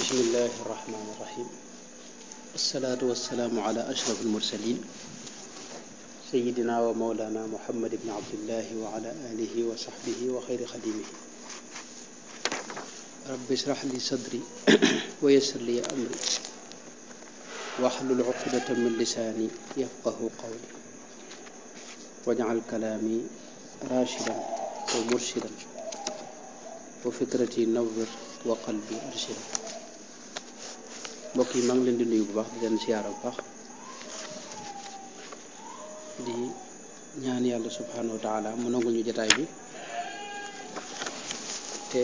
بسم الله الرحمن الرحيم الصلاة والسلام على أشرف المرسلين سيدنا ومولانا محمد بن عبد الله وعلى آله وصحبه وخير خديمه رب اشرح لي صدري ويسر لي أمري واحلل عقدة من لساني يفقه قولي واجعل كلامي راشدا ومرشدا وفكرتي نور وقلبي أرشدا mbokk yi maa ngi leen di nuyu bu baax di leen siyaara bu baax di ñaan yàlla subhanahu wa taala mu nangu ñu jataay bi te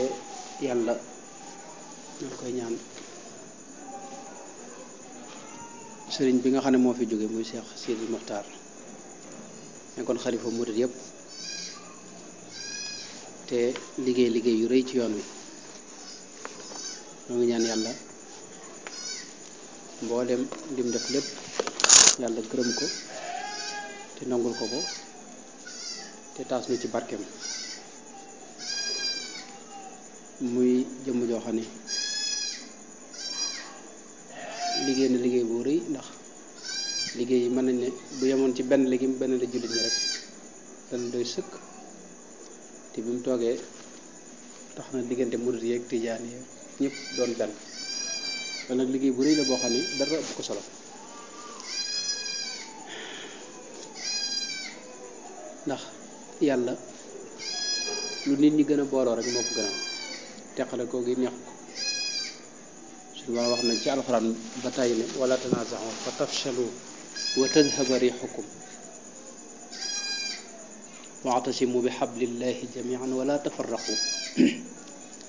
yàlla ñu ngi koy ñaan sëriñ bi nga xam ne moo fi jóge muy Cheikh Sidi Mokhtar nekkoon xalifa murit yépp te liggéey liggéey yu rëy ci yoon wi ñu ngi ñaan yàlla mboolem lim def lepp yalla gërëm ko te nangul ko ko te tass ni ci barkem muy jëm jo xani liggéey na liggéey bu reuy ndax liggéey yi mën nañ ne bu yemoon ci benn liggéey benn la jullit ni rek dañ doy sëkk te bimu mu taxna digënté na diggante murit yeeg tijaan doon dal kon nag liggéey bu rëy la boo xam ne dara ëpp ko solo ndax yàlla lu nit ñi gën a booloo rek moo ko gën a teqale koo gi neexu ko suñu baa wax nañ ci alxuraan ba tey ne wala tanaazaxu fa tafshalu wa tadhaba rixukum waatasimu bi xablillahi jamian wala tafarraqu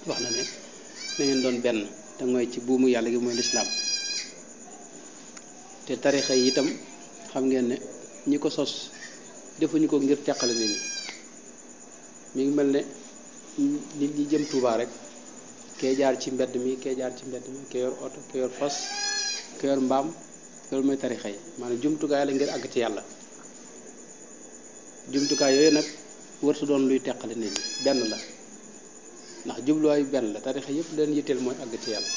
wax na ne na ngeen doon benn te mooy ci buumu yàlla gi mooy lislaam te tarixa yi itam xam ngeen ne ñi ko sos defuñu ko ngir teqale nit ñi mi ngi mel ne nit ñi jëm Tuubaa rek kee jaar ci mbedd mi kee jaar ci mbedd mi kee yor oto kee yor fas kee yor mbaam loolu mooy tarixa yi maanaam jumtukaay la ngir àgg ci yàlla jumtukaay yooyu nag wërtu doon luy teqale nit ñi benn la ndax jubluwaayu benn la tarixa yépp leen yitteel mooy àgg ci yàlla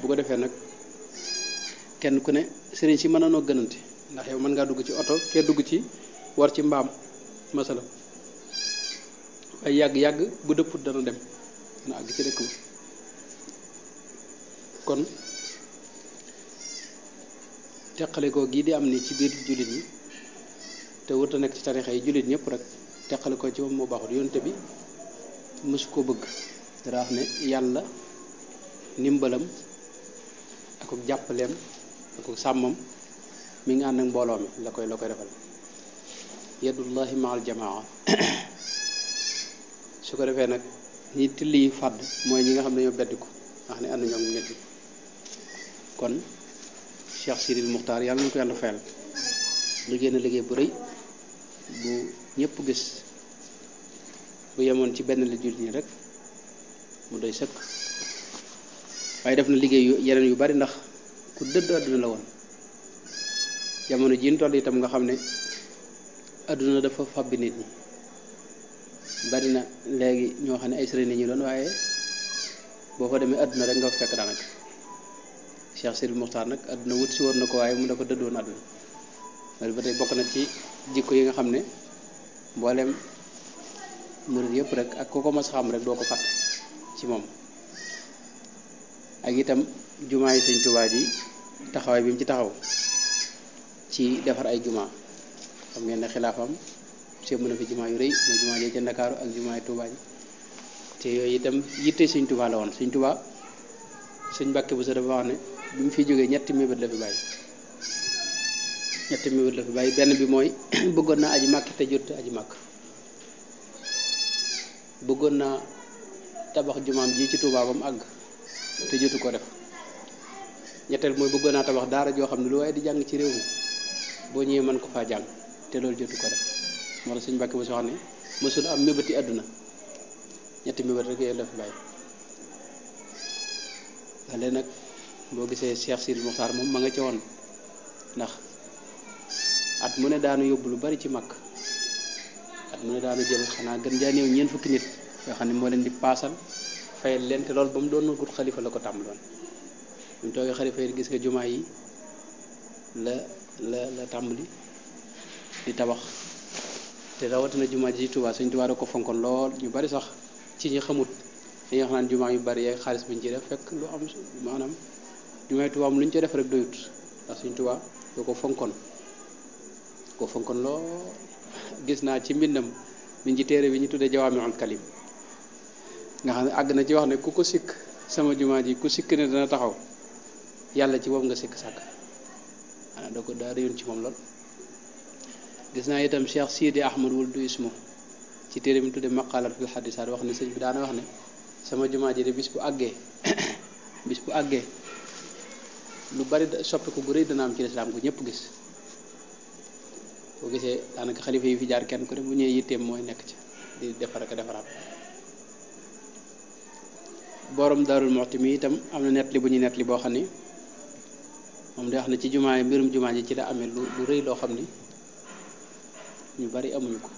bu ko defee nag kenn ku ne sëriñ si mën nanoo gënante ndax yow mën ngaa dugg ci oto kee dugg ci war ci mbaam masala waaye yàgg-yàgg bu dëpput dana dem dana àgg ci dëkk bi kon teqale ko gii di am ni ci biir jullit yi te wërta nekk ci tarixa yi jullit ñëpp rek teqal ko ci mom mo baxul yonte bi mësu ko bëgg dara wax ne yalla nimbalam ak jappalem ak samam mi nga ànd ak mi la koy la koy defal yadullahi maal jamaa su ko defé nak ni tilli fad moy ñi nga xam dañu ñoo beddiku wax ne ànd ñom nit kon cheikh siril muxtaar yalla ñu ko yalla fayal liggéey na liggéey bu reuy bu ñëpp gis bu yemoon ci benn la jur ñi rek mu doy sëkk waaye def na liggéey yeneen yu bari ndax ku dëdd àdduna la woon jamono ji ñu itam nga xam ne àdduna dafa fabbi nit ñi bari na léegi ñoo xam ne ay sëriñ ñu doon waaye boo ko demee àdduna rek nga fekk daanaka Cheikh Sidi Muxtaar nag àdduna wut si woon na ko waaye mu da ko dëdd woon àdduna loolu ba tey bokk na ci jikko yi nga xam ne mboolem murid yëpp rek ak koko mas xam rek doo ko fàtte ci moom ak itam jumaa yi sëñ Tuubaa ji taxawaay bi mu ci taxaw ci defar ay jumaa xam ngeen ne xilaafam sémb na fi jumaa yu rëy mooy jumaa jee ca Ndakaaru ak jumaa yi Tuubaa ji te yooyu itam yitte sëñ Tuubaa la woon sëñ Tuubaa sëñ Mbàkke bu sa dafa wax ne bi mu fi jógee ñetti mébét la fi bàyyi ñetti mébét la fi bàyyi benn bi mooy bëggoon naa aji mag te jot aji mag bëggoon naa tabax jumaam ji ci Tuubaa ba àgg te jotu ko def ñetteel mooy bëggoon naa tabax daara joo xam ne lu waaye di jàng ci réew mi boo ñëwee mën ko faa jàng te loolu jotu ko def moo tax suñu mbàkk ba am mébéti àdduna ñetti mébét rek yooyu la fi bàyyi wale nag boo gisee Cheikh Sidi Mokhtar moom ma nga ci woon ndax at mu ne daanu yóbbu lu bari ci mag at mu ne daanu jël xanaa gën jaa néew ñeent fukki nit yoo xam ne moo leen di paasal fayal lent te loolu ba mu doon gut la ko tàmbaloon mu toogee xalifa gis nga jumaa yi la di tabax te rawatina jumaa ji Tuubaa Sëñ Tuubaa ko fonkoon lool ñu bari sax ci ñi xamut dañuy wax naan jumaa yu bari yeeg xaalis bi ñu ci def fekk lu am maanaam jumaa Tuubaa am lu ñu ci def rek doyut ndax Sëñ Tuubaa da ko fonkoon ko fonkon lo gis naa ci mbindam min ci téere bi ñu tuddee kalim nga xam ag na ci wax ne ku ko sik sama juma ji ku sik ne dana taxaw yalla ci wam nga sik sak ana da ko daari yon ci mom lol gis itam cheikh sidi ahmad wul du ismo ci téere mi mu maqalat fil hadithat wax ne bi daana wax ne sama juma ji de bis bu àggee bis bu àggee lu bari soppiku gu rëy dana am ci lislaam gu ñepp gis boo gisee daanaka xalifa yi fi jaar kenn ku ne bu ñëwee yitteem mooy nekk ci di defar ak defaraat borom daarul moxti mi itam am na nettali bu ñuy nettali boo xam ne moom day wax ne ci jumaa yi mbirum jumaa ji ci la amee lu rëy loo xam ni ñu bari amuñ ko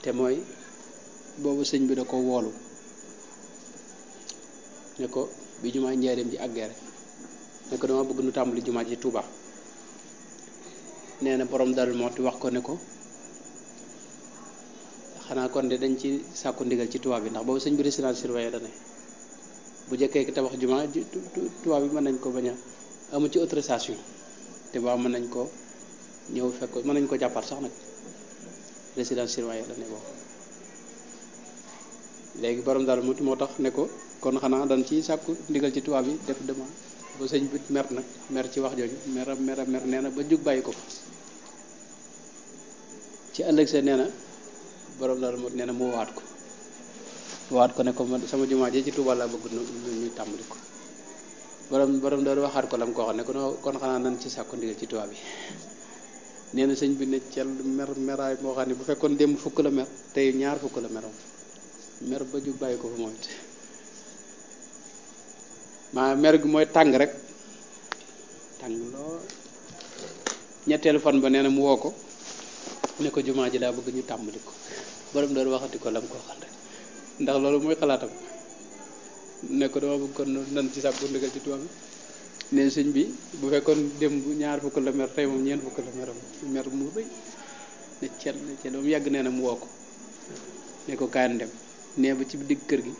te mooy boobu sëñ bi da ko woolu ne ko bi jumaa njaareem ji àggee rek ne ko dama bëgg nu tàmbuli jumaa ji Tuuba nee na borom dalu mooti wax ko ne ko xanaa kon de dañ ci sàkku ndigal ci tubaab bi ndax boobu sëñ bi résidence surveiller da bu jëkkee ki tabax juma tubaab bi mën nañ ko bañ a amu ci autorisation te baa mën nañ ko ñëw fekk mën nañ ko jàppaat sax nag résidence surveiller da ne boobu léegi borom daal muti moo tax ne ko kon xanaa dañ ci sàkku ndigal ci tubaab bi def demande ba sëñ bi mer nag mer ci wax jooju mer mera mer nee na ba jug bàyyi ko ci ëllëg sa nee na borom la moo nee mu waat ko waat ko ne ko sama jumaa ji ci Tuuba laa bëgg ñu tàmbali ko borom borom daal waxaat ko lam ko xam ne kon kon xanaa nan ci sàkku ndigal ci Tuuba yi nee na sëñ bi ne cel mer meraay moo ne bu fekkoon démb fukk la mer tey ñaar fukk la meroon mer ba jug bàyyi ko fa moom maanaam mer gi mooy tàng rek tàng lool ñetteelu fan ba nee na mu woo ko ne ko jumaa ji daa bëgg ñu tàmbali ko borom doon waxati ko lam ko waxal ndax loolu mooy xalaatam ne ko dama bëgg kon nan ci sàkku ndigal ci tubaab ne sëñ bi bu fekkoon démb ñaar fukk la mer tey moom ñeent fukk la mer mer mu rëy ne cel ne cel ba yàgg nee na mu woo ko ne ko kaan dem nee ba ci digg kër gi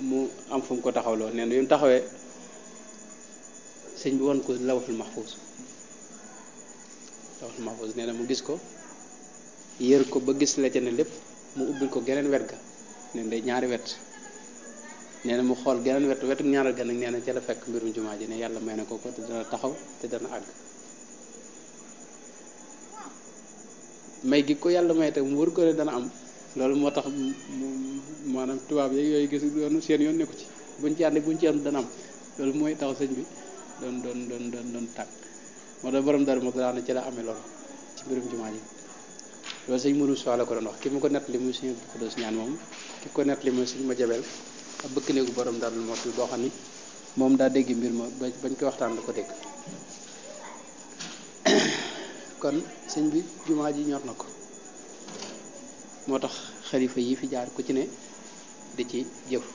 mu am fu mu ko taxawloo nee na bi mu taxawee sëñ bi won ko lawaxul maxfuus lawaxul maxfuus nee na mu gis ko yër ko ba gis la ca ne lépp mu ubbil ko geneen wet ga nee na day ñaari wet nee mu xool geneen wet wetu ñaaral ga nag nee ca la fekk mbirum jumaa ji ne yàlla may na ko ko te dana taxaw te dana àgg may gi ko yàlla may te mu wër ko ne dana am lolu motax manam maanaam tubaab yoy gis yoonu seen yoon nekku ci buñ ci ande buñ ci ànd dana am lolu moy taw señ bi don don don don don tak mo do borom dara moo daan ci la amé lolu ci mbirum juma ji do señ mu rusu ala ko don wax ki mu ko nettali muy señ ko do ñaan mom ki ko nettali mooy señ ma jabel ak bëkk néegu borom dar moo fi bo xani mom da dégg mbir ma bañ ko waxtaan ko dégg kon señ bi juma ji ñor nako moo tax xalifa yi fi jaar ku ci ne di ci jëf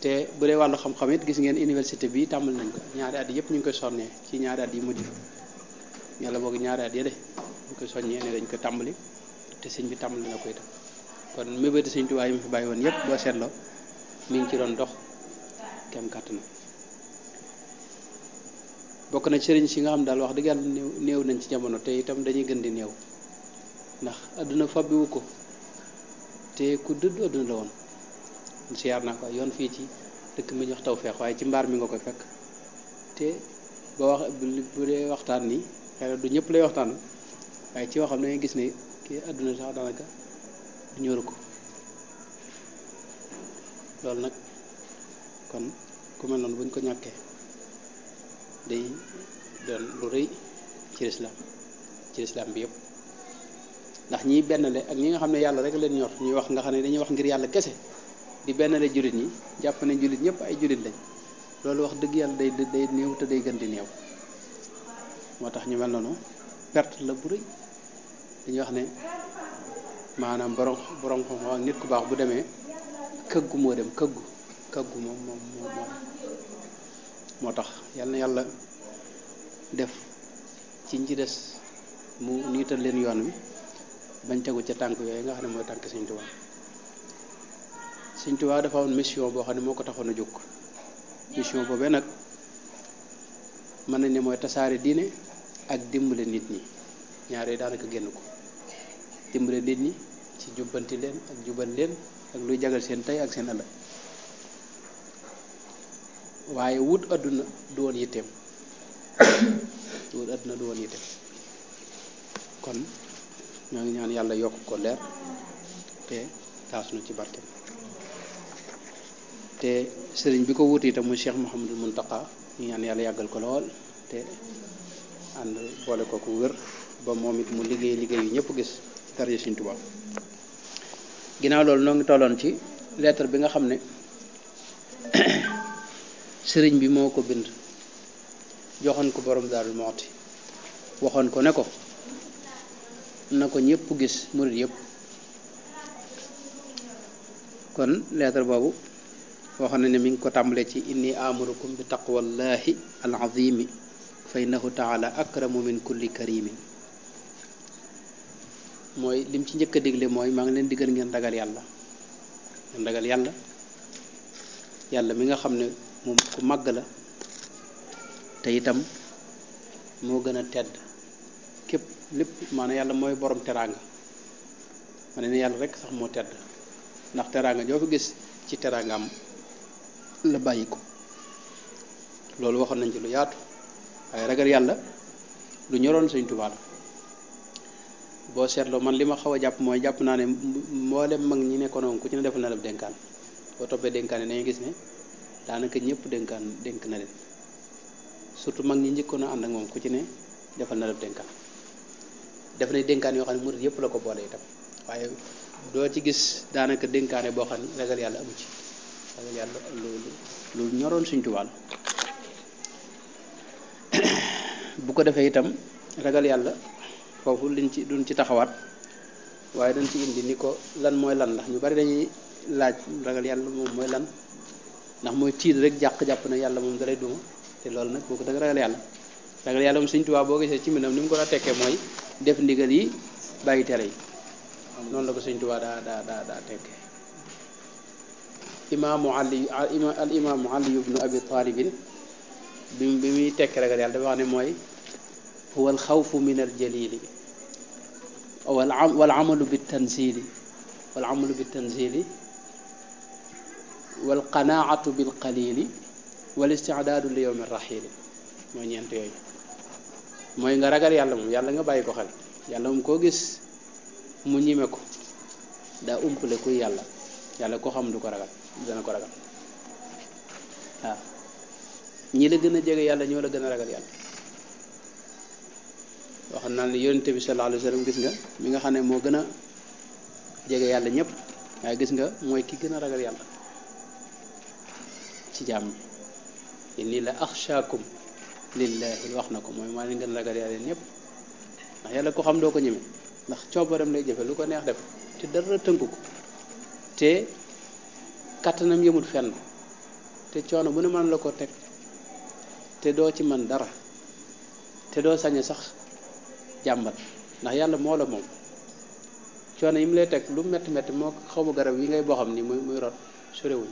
te bu dee wàllu xam-xam it gis ngeen université bi tàmbali nañ ko ñaari at yëpp ñu ngi koy sonnee ci ñaari at yi mujj yàlla boog ñaari at yi de ñu koy soññee ne dañ ko tàmbali te sëñ bi tàmbali na ko itam kon mébéti sëñ Tuubaa yi mu fi bàyyi woon yëpp boo seetloo mi ngi ci doon dox kem kàttanam bokk na ci sëriñ si nga xam daal wax dëgg yàlla néew nañ ci jamono te itam dañuy gën di néew ndax àdduna fabbiwu ko te ku dëdd adduna la woon siyaar naa ko yoon fii ci dëkk mi ñu wax taw feex waaye ci mbaar mi nga koy fekk te ba wax bu dee waxtaan nii xëy du ñëpp lay waxtaan waaye ci waxam da gis ne kii àdduna sax daanaka du ko loolu nag kon ku mel noonu bu ko ñàkkee day doon lu rëy ci lislaam ci lislaam bi yëpp ndax ñiy bennle ak ñi nga xam ne yàlla rek leen ñor ñuy wax nga xam ne dañuy wax ngir yàlla kese di bennle jullit ñi jàpp ne jullit ñëpp ay jullit lañ wax dëgg yàlla day day day gën di néew moo tax ñu mel noonu perte la bu rëy wax ne maanaam borom borom xam ku baax bu demee këggu moo dem këggu këggu moom moom tax yal na yàlla def ci ci des mu niital leen yoon wi bañ tegu ci tànk yooyu nga xam ne mooy tànk Sëñ Tuubaa Sëñ Tuubaa dafa amoon mission boo xam ne moo ko taxoon a jóg mission boobee nag mën nañ ne mooy tasaare diine ak dimbale nit ñi ñaare daanaka génn ko dimbale nit ñi ci jubbanti leen ak jubal leen ak luy jagal seen tey ak seen àll waaye wut àdduna du woon yitteem wut àdduna du woon yitteem kon ñoo ngi ñaan yàlla yokk ko leer te taas nu ci barke te sëriñ bi ko wuti itam mu Cheikh Mouhamadul Muntaqa ñu ñaan yàlla yàggal ko lool te ànd boole ko ku wér ba moom it mu liggéey liggéey yu ñëpp gis daraja Sëriñ Tuubaa ginnaaw loolu noo ngi tolloon ci lettre bi nga xam ne sëriñ bi moo ko bind joxoon ko borom Daaru Muxti waxoon ko ne ko na ko ñëpp gis murit yépp kon leetar boobu waxoon na ne mi ngi ko tàmbalee ci indi inni amurukum bi taqwallahi fay fa innahu taala akramu min kulli karimin mooy lim ci njëkk a digle mooy maa ngi leen digal ngeen dagal yàlla ngeen ragal yàlla yàlla mi nga xam ne moom ku màgg la te itam moo gën a tedd lépp maanaam yàlla mooy borom teranga ma ne ne yàlla rek sax moo tedd ndax teranga joo fi gis ci teraangaam la bàyyi ko loolu waxoon nañ ci lu yaatu waaye ragal yàlla lu ñoroon Sëñ Tuubaa la boo seetloo man li ma xaw a jàpp mooy jàpp naa ne mboolem mag ñi nekkoon ku ci ne defal na la dénkaan boo toppee dénkaan ne gis ne daanaka ñëpp dénkaan dénk na leen surtout mag ñi njëkkoon a ànd ak moom ku ci ne defal na la dénkaan def nañ dénkaan yoo xam ne murid yëpp la ko boole itam waaye doo ci gis daanaka dénkaane boo xam ne ragal yàlla amu ci ragal yàlla loolu lu ñoroon suñ tubaal bu ko defee itam ragal yàlla foofu liñ ci duñ ci taxawaat waaye dañ ci indi ni ko lan mooy lan ndax ñu bari dañuy laaj ragal yàlla moom mooy lan ndax mooy tiit rek jàq jàpp na yàlla moom dalay duma te loolu nag boo ko dëgg ragal yàlla ragal yàlla moom sëñ Tuubaa boo gisee ci minam ni mu ko daa tekkee mooy def ndigal yi bàyyi tere yi noonu la ko sëñ Tuubaa daa daa daa daa tekkee imaamu ali al imaamu ali ibnu abi taalibin bi bi muy tekki ragal yàlla dafa wax ne mooy huwa al xawfu min al jalili wal amalu bi tanzili wal amalu bi tanzili wal qanaatu bil qalili wal istidaadu li yowmi raxiili mooy ñeent yooyu mooy nga ragal yàlla moom yàlla nga bàyyi ko xel yàlla moom koo gis mu ñime ko daa umpale kuy yàlla yàlla koo xam du ko ragal dana ko ragal waaw ñi la gën a jege yàlla ñoo la gën a ragal yàlla wax naa ne yonente bi sallallahu alayhi gis nga mi nga xam ne moo gën a jege yàlla ñëpp waaye gis nga mooy ki gën a ragal yàlla ci jàmm inni la axshaakum lillaahi wax na ko mooy maa leen gën ragal yàlla ñëpp ndax yàlla ko xam doo ko ñeme ndax coobaram lay jëfe lu ko neex def te dara tënku ko te kattanam yëmul fen te coono bu ne man la ko teg te doo ci man dara te doo sañe sax jàmbat ndax yàlla moo la moom coono yi mu lay teg lu metti metti moo xaw garab yi ngay boxam xam ni muy muy rot sorewuñ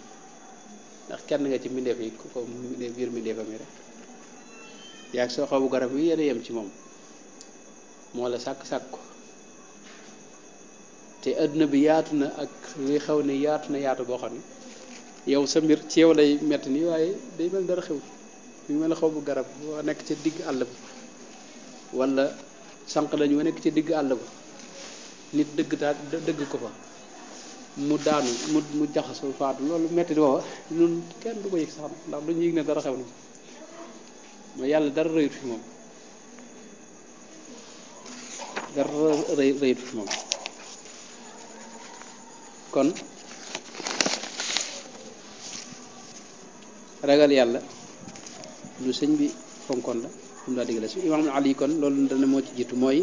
ndax kenn nga ci mbindeef yi ko mbindeef biir mbindeefam yi rek yaag sa xobu garab yi yéen a yem ci moom moo la sàkk-sàkk ko te adduna bi yaatu na ak li xew ne yaatu na yaatu boo xam ne yow sa mbir ci yow lay metti nii waaye day mel dara xew mi mel xobu garab boo nekk ca digg àll ba wala sànq nekk ci digg àll ba nit dëgg taa dëgg ko fa mu daanu mu mu jaxasoo faatu loolu metti booba ñun kenn du ko yëg sax ndax duñu yëg ne dara xew na mooy yàlla dara rëyut fi moom dara rëyut fi moom kon ragal yàlla lu sëñ bi fonkoon la lu mu daa digale su imaamul ali kon loolu dana moo ci jiitu mooy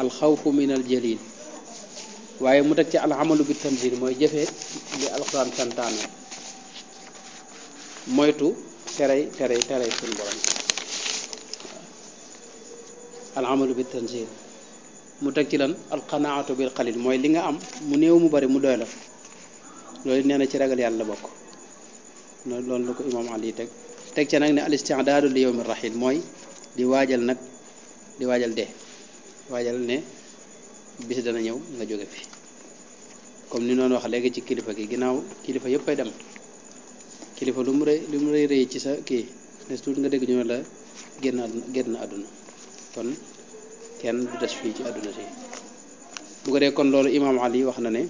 alxawfu min al jalil waaye mu teg ci alxamalu bi tanzil mooy jëfee li alxuraan santaane moytu terey terey terey suñu borom alhamadu bi tansir mu teg ci lan alqanaatu bil xalil mooy li nga am mu néew mu bari mu doy la loolu nee na ci ragal yàlla bokk loolu la ko imam ali teg teg ca nag ne al istidaadu li yowmi rahil mooy di waajal nag di waajal dee waajal ne bis dana ñëw nga jóge fi comme ni noonu wax léegi ci kilifa gi ginnaaw kilifa yëpp dem kilifa lu mu rëy lu mu rëy rëy ci sa kii ne tuut nga dégg ñu ne la génn génn àdduna kon kenn du des fii ci àdduna si bu ko dee kon loolu imaam Ali wax na ne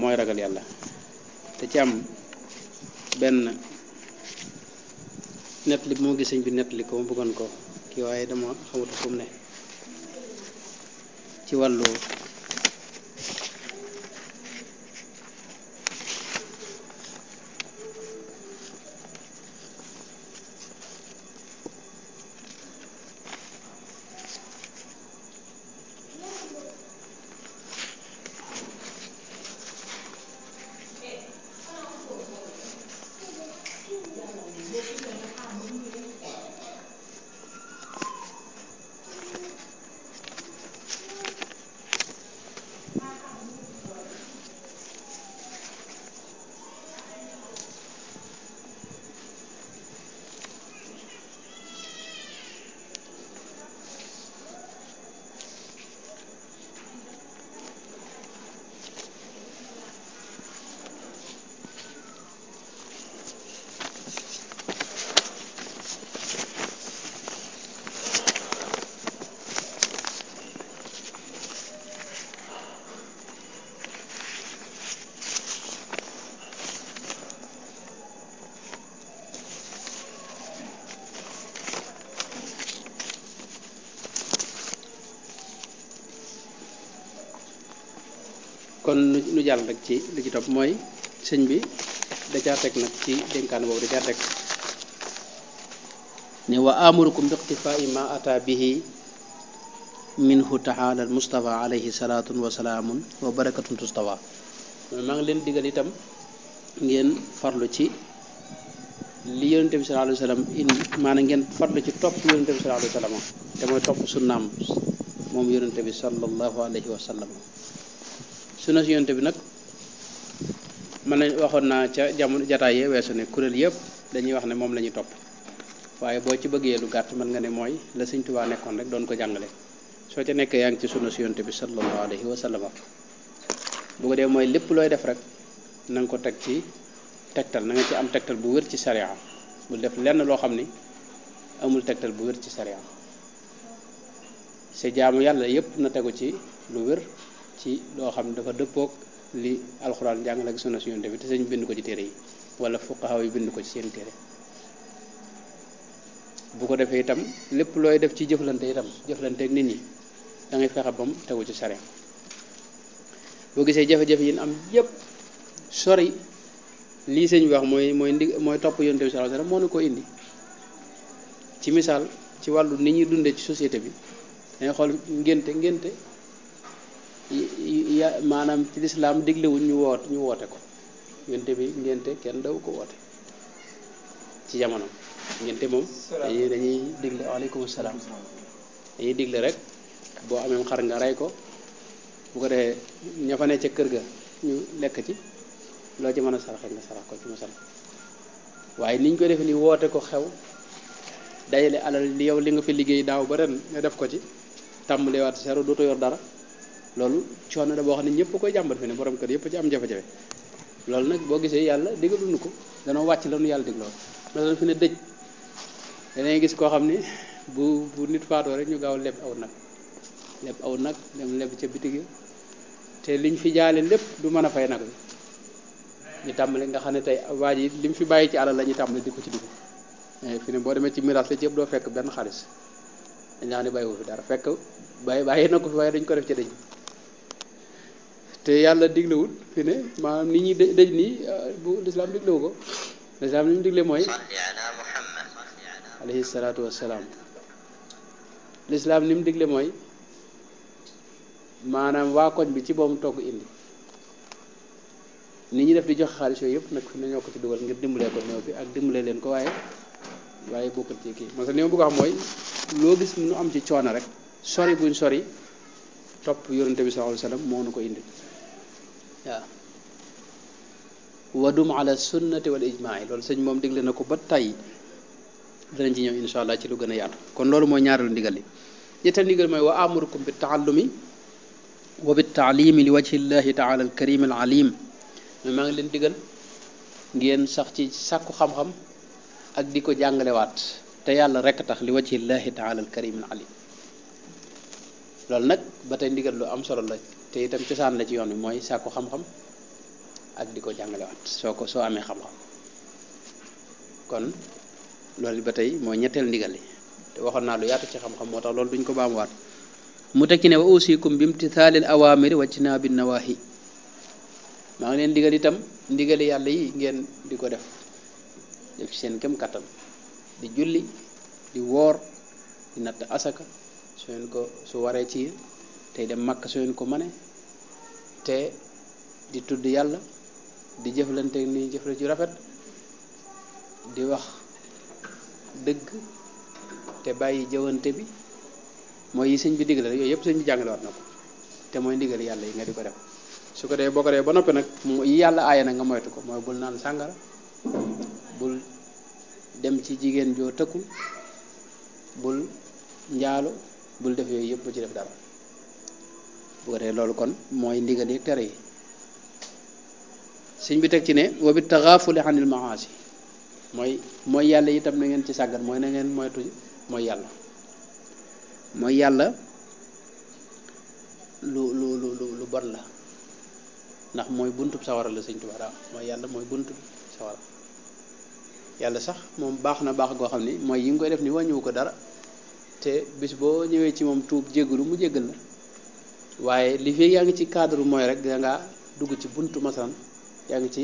mooy ragal yàlla te ci am benn nettali bi moo gis sëñ bi nettali ko mu bëggoon ko kii waaye dama xamatu fu ne ci wàllu kon nu jàll rek ci li ci topp mooy sëñ bi da caa teg nag ci dénkaan boobu da caa teg ne wa amurukum bi iqtifaa'i ma ata bihi minhu taala al mustafa alayhi salaatun wa salaamun wa barakatun tustawa maa leen digal itam ngeen farlu ci li yonente bi sallallahu alayhi wa ci topp yonente bi sallallahu wa sallam te mooy topp sunnaam moom yonente bi sallallahu alayhi wa sallam sunna si yonte bi nag man nañ waxoon naa ca jamono jataay yee weesu ne kuréel yëpp dañuy wax ne moom la ñuy topp waaye boo ci bëggee lu gàtt mën nga ne mooy la sëñ Tuubaa nekkoon rek doon ko jàngale soo ca nekkee yaa ngi ci sunna si yonte bi sallallahu alayhi wa sallam bu ko dee mooy lépp looy def rek na ko teg ci tegtal na ci am tegtal bu wér ci sariya bul def lenn loo xam ni amul tegtal bu wér ci sariya sa jaamu yàlla yépp na tegu ci lu wér ci loo xam dafa dëppoog li alxuraan jàng ak sunna su yonte bi te sëñ bind ko ci téere yi wala fuqaha yi bind ko ci seen téere bu ko defee itam lépp looy def ci jëflante itam jëflante ak nit ñi da ngay fexe bam tegu ci sare boo gisee jafe-jafe yi am yépp sori lii sëñ wax mooy mooy ndi mooy topp yonte bi sallallahu alayhi wasallam moo ne ko indi ci misaal ci wàllu nit ñi dundee ci société bi dangay xool ngénte ngénte maanaam ci lislaam diglewuñ ñu woot ñu woote ko ngénte bi ngénte kenn daw ko woote ci jamono ngénte moom dañuy dañuy digle waaleykum salaam dañuy digle rek boo amee xar nga rey ko bu ko defee ña fa ne ca kër ga ñu lekk ci loo ci mën a saraxe nga sarax ko ci mu sarax waaye niñ koy defee ni woote ko xew dajale alal li yow li nga fi liggéey daaw ba ren nga def ko ci tàmbaliwaat seeru dootoo yor dara loolu coono la boo xam ne ñëpp koy jàmbat fi ne borom kër yëpp ci am jafe-jafe loolu nag boo gisee yàlla digalunu ko danoo wàcc lanu yàlla digloo masalan fi ne dëj danay gis koo xam ne bu bu nit faatoo rek ñu gaaw leb aw nag leb aw nag dem leb ca te liñ fi jaale lépp du mën a fay nag ñu tàmbali nga xam ne tey waa ji li mu fi bàyyi ci alal la ñu tàmbali di ko ci dugg eh, fi ne boo demee ci miraas la ci yëpp doo fekk benn xaalis dañ laa ne bàyyiwu fi dara fekk bàyyi bàyyi na ko fi waaye dañ ko def ci dëj te yàlla diglewul fi ne maanaam ni ñuy dëj nii ah, bu lislaam diglewu ko lislaam li ñu digle mooy alayhi salaatu wassalaam lislaam ni mu digle mooy maanaam waa koñ bi ci boobu togg indi ni ñuy def di jox xaalis yooyu yëpp nag fi nañoo ko ci dugal ngir dimbalee ko néew bi ak dimbale leen ko waaye waaye bokkul ci kii man sax li ma bëgg a mooy loo gis nu am ci coono rek sori buñ sori topp yonente bi sax alayhi wasallam moo nu ko indi waaw wadum ala sunnati wal ijmaai loolu sëñ moom digle na ko ba tey danañ ci ñëw incha allah ci lu gën a yaatu kon loolu mooy ñaareelu ndigal li ñetteel ndigal mooy wa amurukum bi taallumi wa bi taalimi li wajhi llahi taala al alim mais maa ngi leen digal ngeen sax ci sàkku xam ak di ko jàngalewaat te yàlla rek tax li wajhi llahi taala al karim nag ba tey ndigal lu am solo la te itam cosaan la ci yoon wi mooy sàkku xam-xam ak di ko jàngalewaat soo ko soo amee xam-xam kon loolu ba tey mooy ñetteel ndigal li te waxoon naa lu yaatu ci xam-xam moo tax loolu duñ ko baamuwaat mu ci ne wa usikum bi imtithaalil awaamiri wa jtinaabi nawaahi maa ngi leen digal itam ndigali yàlla yi ngeen di ko def def ci seen kem kattan di julli di woor di natt asaka su en ko su waree ci tey dem makk su ngeen ko mane te di tudd yàlla di jëflante ni jëfle ci rafet di wax dëgg te bàyyi jëwante bi mooy yi sëñ bi digal yooyu yëpp sëñ bi jàngale wat na ko te mooy ndigal yàlla yi nga di ko def su ko dee boo ko dee ba noppi nag yi yàlla aaye na nga moytu ko mooy bul naan sàngara bul dem ci jigéen joo tëkkul bul njaalo bul def yooyu yëpp ci def dara bu ko loolu kon mooy ndigal yi tere yi sëñ bi teg ci ne wa bi taxaafuli anil maasi mooy mooy yàlla itam na ngeen ci sàggan mooy na ngeen moytu mooy yàlla mooy yàlla lu lu lu lu bon la ndax mooy buntub sawara la sëñ Tuubaa mooy yàlla mooy buntub sawara yàlla sax moom baax na baax goo xam ni mooy yi nga koy def ni wàññiwu ko dara te bis boo ñëwee ci moom tuub jéggalu mu jéggal la waaye li fi yaa ngi ci cadre mooy rek da nga dugg ci buntu masan yaa ngi ci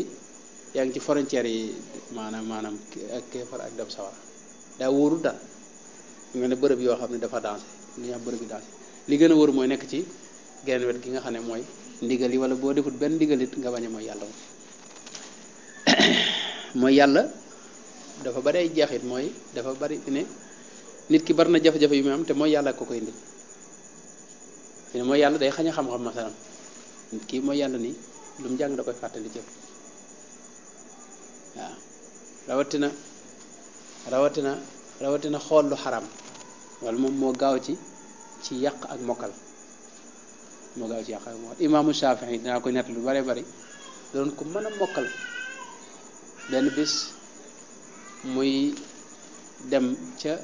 yaa ngi ci frontière yi maanaam maanaam ak keefar ak dem sawar daa wóoru dal mel ne bërëb yoo xam ne dafa dansé li nga xam bërëb yi dansé li gën a wóor mooy nekk ci genn wet gi nga xam ne mooy ndigal yi wala boo defut benn ndigalit nga bañ a mooy yàlla mooy yàlla dafa bari ay jeexit mooy dafa bari ne nit ki bari na jafe-jafe yu muy am te mooy yàlla ko koy indi fi mooy yàlla day xañ xam-xam masalam kii mooy yàlla ni lu mu jàng da koy fàttali jëf waaw rawatina rawatina rawatina xool lu xaram wala moom moo gaaw ci ci yàq ak mokkal moo gaaw ci yàq ak mokkal imaamu shafii dinaa ko nett lu bare bari doon ko mën a mokkal benn bis muy dem ca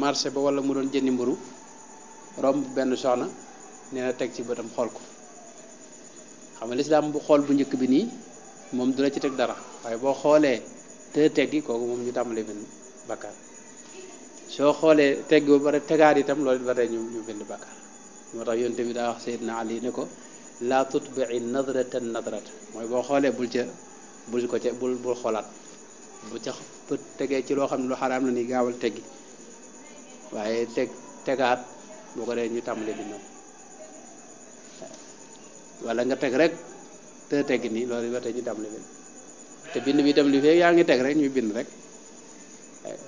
marché ba wala mu doon jëndi mburu romb benn soxna neena teg ci bëtam xool ko xam nga lislaam bu xool bu njëkk bi nii moom du la ci teg dara waaye boo xoolee te teggi kooku moom ñu tàmbali bind bakkaar soo xoolee teggi ba pare tegaat itam loolu it ba tey ñu ñu bind bakkaar moo tax yonte bi daa wax Seydina Ali ne ko laa tutbii nadratan mooy boo xoolee bul ca bul ko ca bul bul xoolaat bu ca tegee ci loo xam ne lu xaraam la ni gaawal teggi waaye teg tegaat boo ko dee ñu tàmbali moom wala nga teg rek te teg ni lolou ba tey ñu dam li te bind bi dem li fek ya ngi teg rek ñu bind rek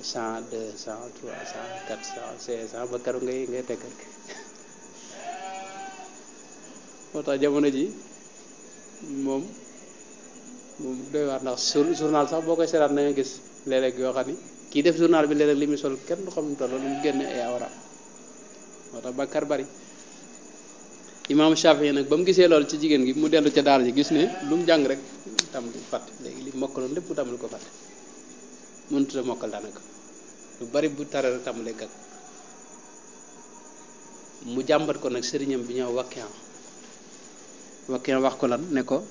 100 200 300 400 500 quatre ba karu ngay ngay teg rek mo ta jamono ji mom mom doy war nak journal sax bokay koy na nga gis léeg yo xani ki def journal bi léeg limi sol kenn xam lu lu ay awra moo tax bari imaam Shafi'i nag ba mu gisee loolu ci jigéen gi mu dellu ca daal ji gis ne lu mu jàng rek tam di fàtte léegi li mokkaloon lépp tam lu ko fàtte mënut a mokkal lu bari bu tare rek tam mu jàmbat ko nag sëriñam bi ñëw wakkiyan wakkiyan wax ko lan ne ko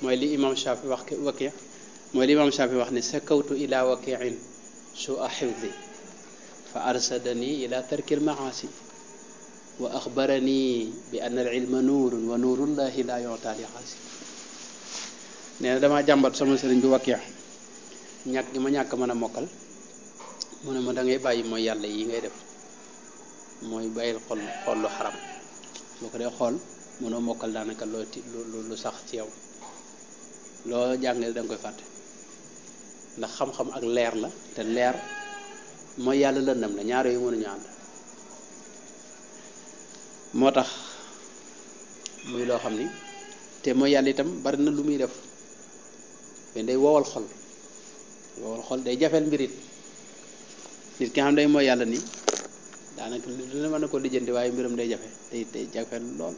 mooy li imaam Shafi'i wax wakkiyan mooy li imaam Shafi'i wax ne sakawtu ila wakkiyan su a xewdi fa arsadani ila tarkil maasi wa axbarani bi ann al ilma nuurun wa nuurullahi laa yoxtaali xaasi nee na dama jàmbat sama sëriñ bu wakkeex ñàkk gi ma ñàkk mën a mokkal mu ne ma da bàyyi mooy yàlla yi ngay def mooy bàyyil xol xol lu xaram boo ko dee xool mënoo mokkal daanaka loo lu sax ci yow loo jàngale da koy fàtte ndax xam-xam ak leer la te leer mooy yàlla lëndam la ñaar yooyu mënuñu ànd moo tax muy loo xam ni te mooy yàlla itam bari na lu muy def mais day wowal xol wowal day jafeel mbirit nit ki xam day moo yàlla ni daanaka dina mën na ko lijjanti waaye mbiram day jafe day day lool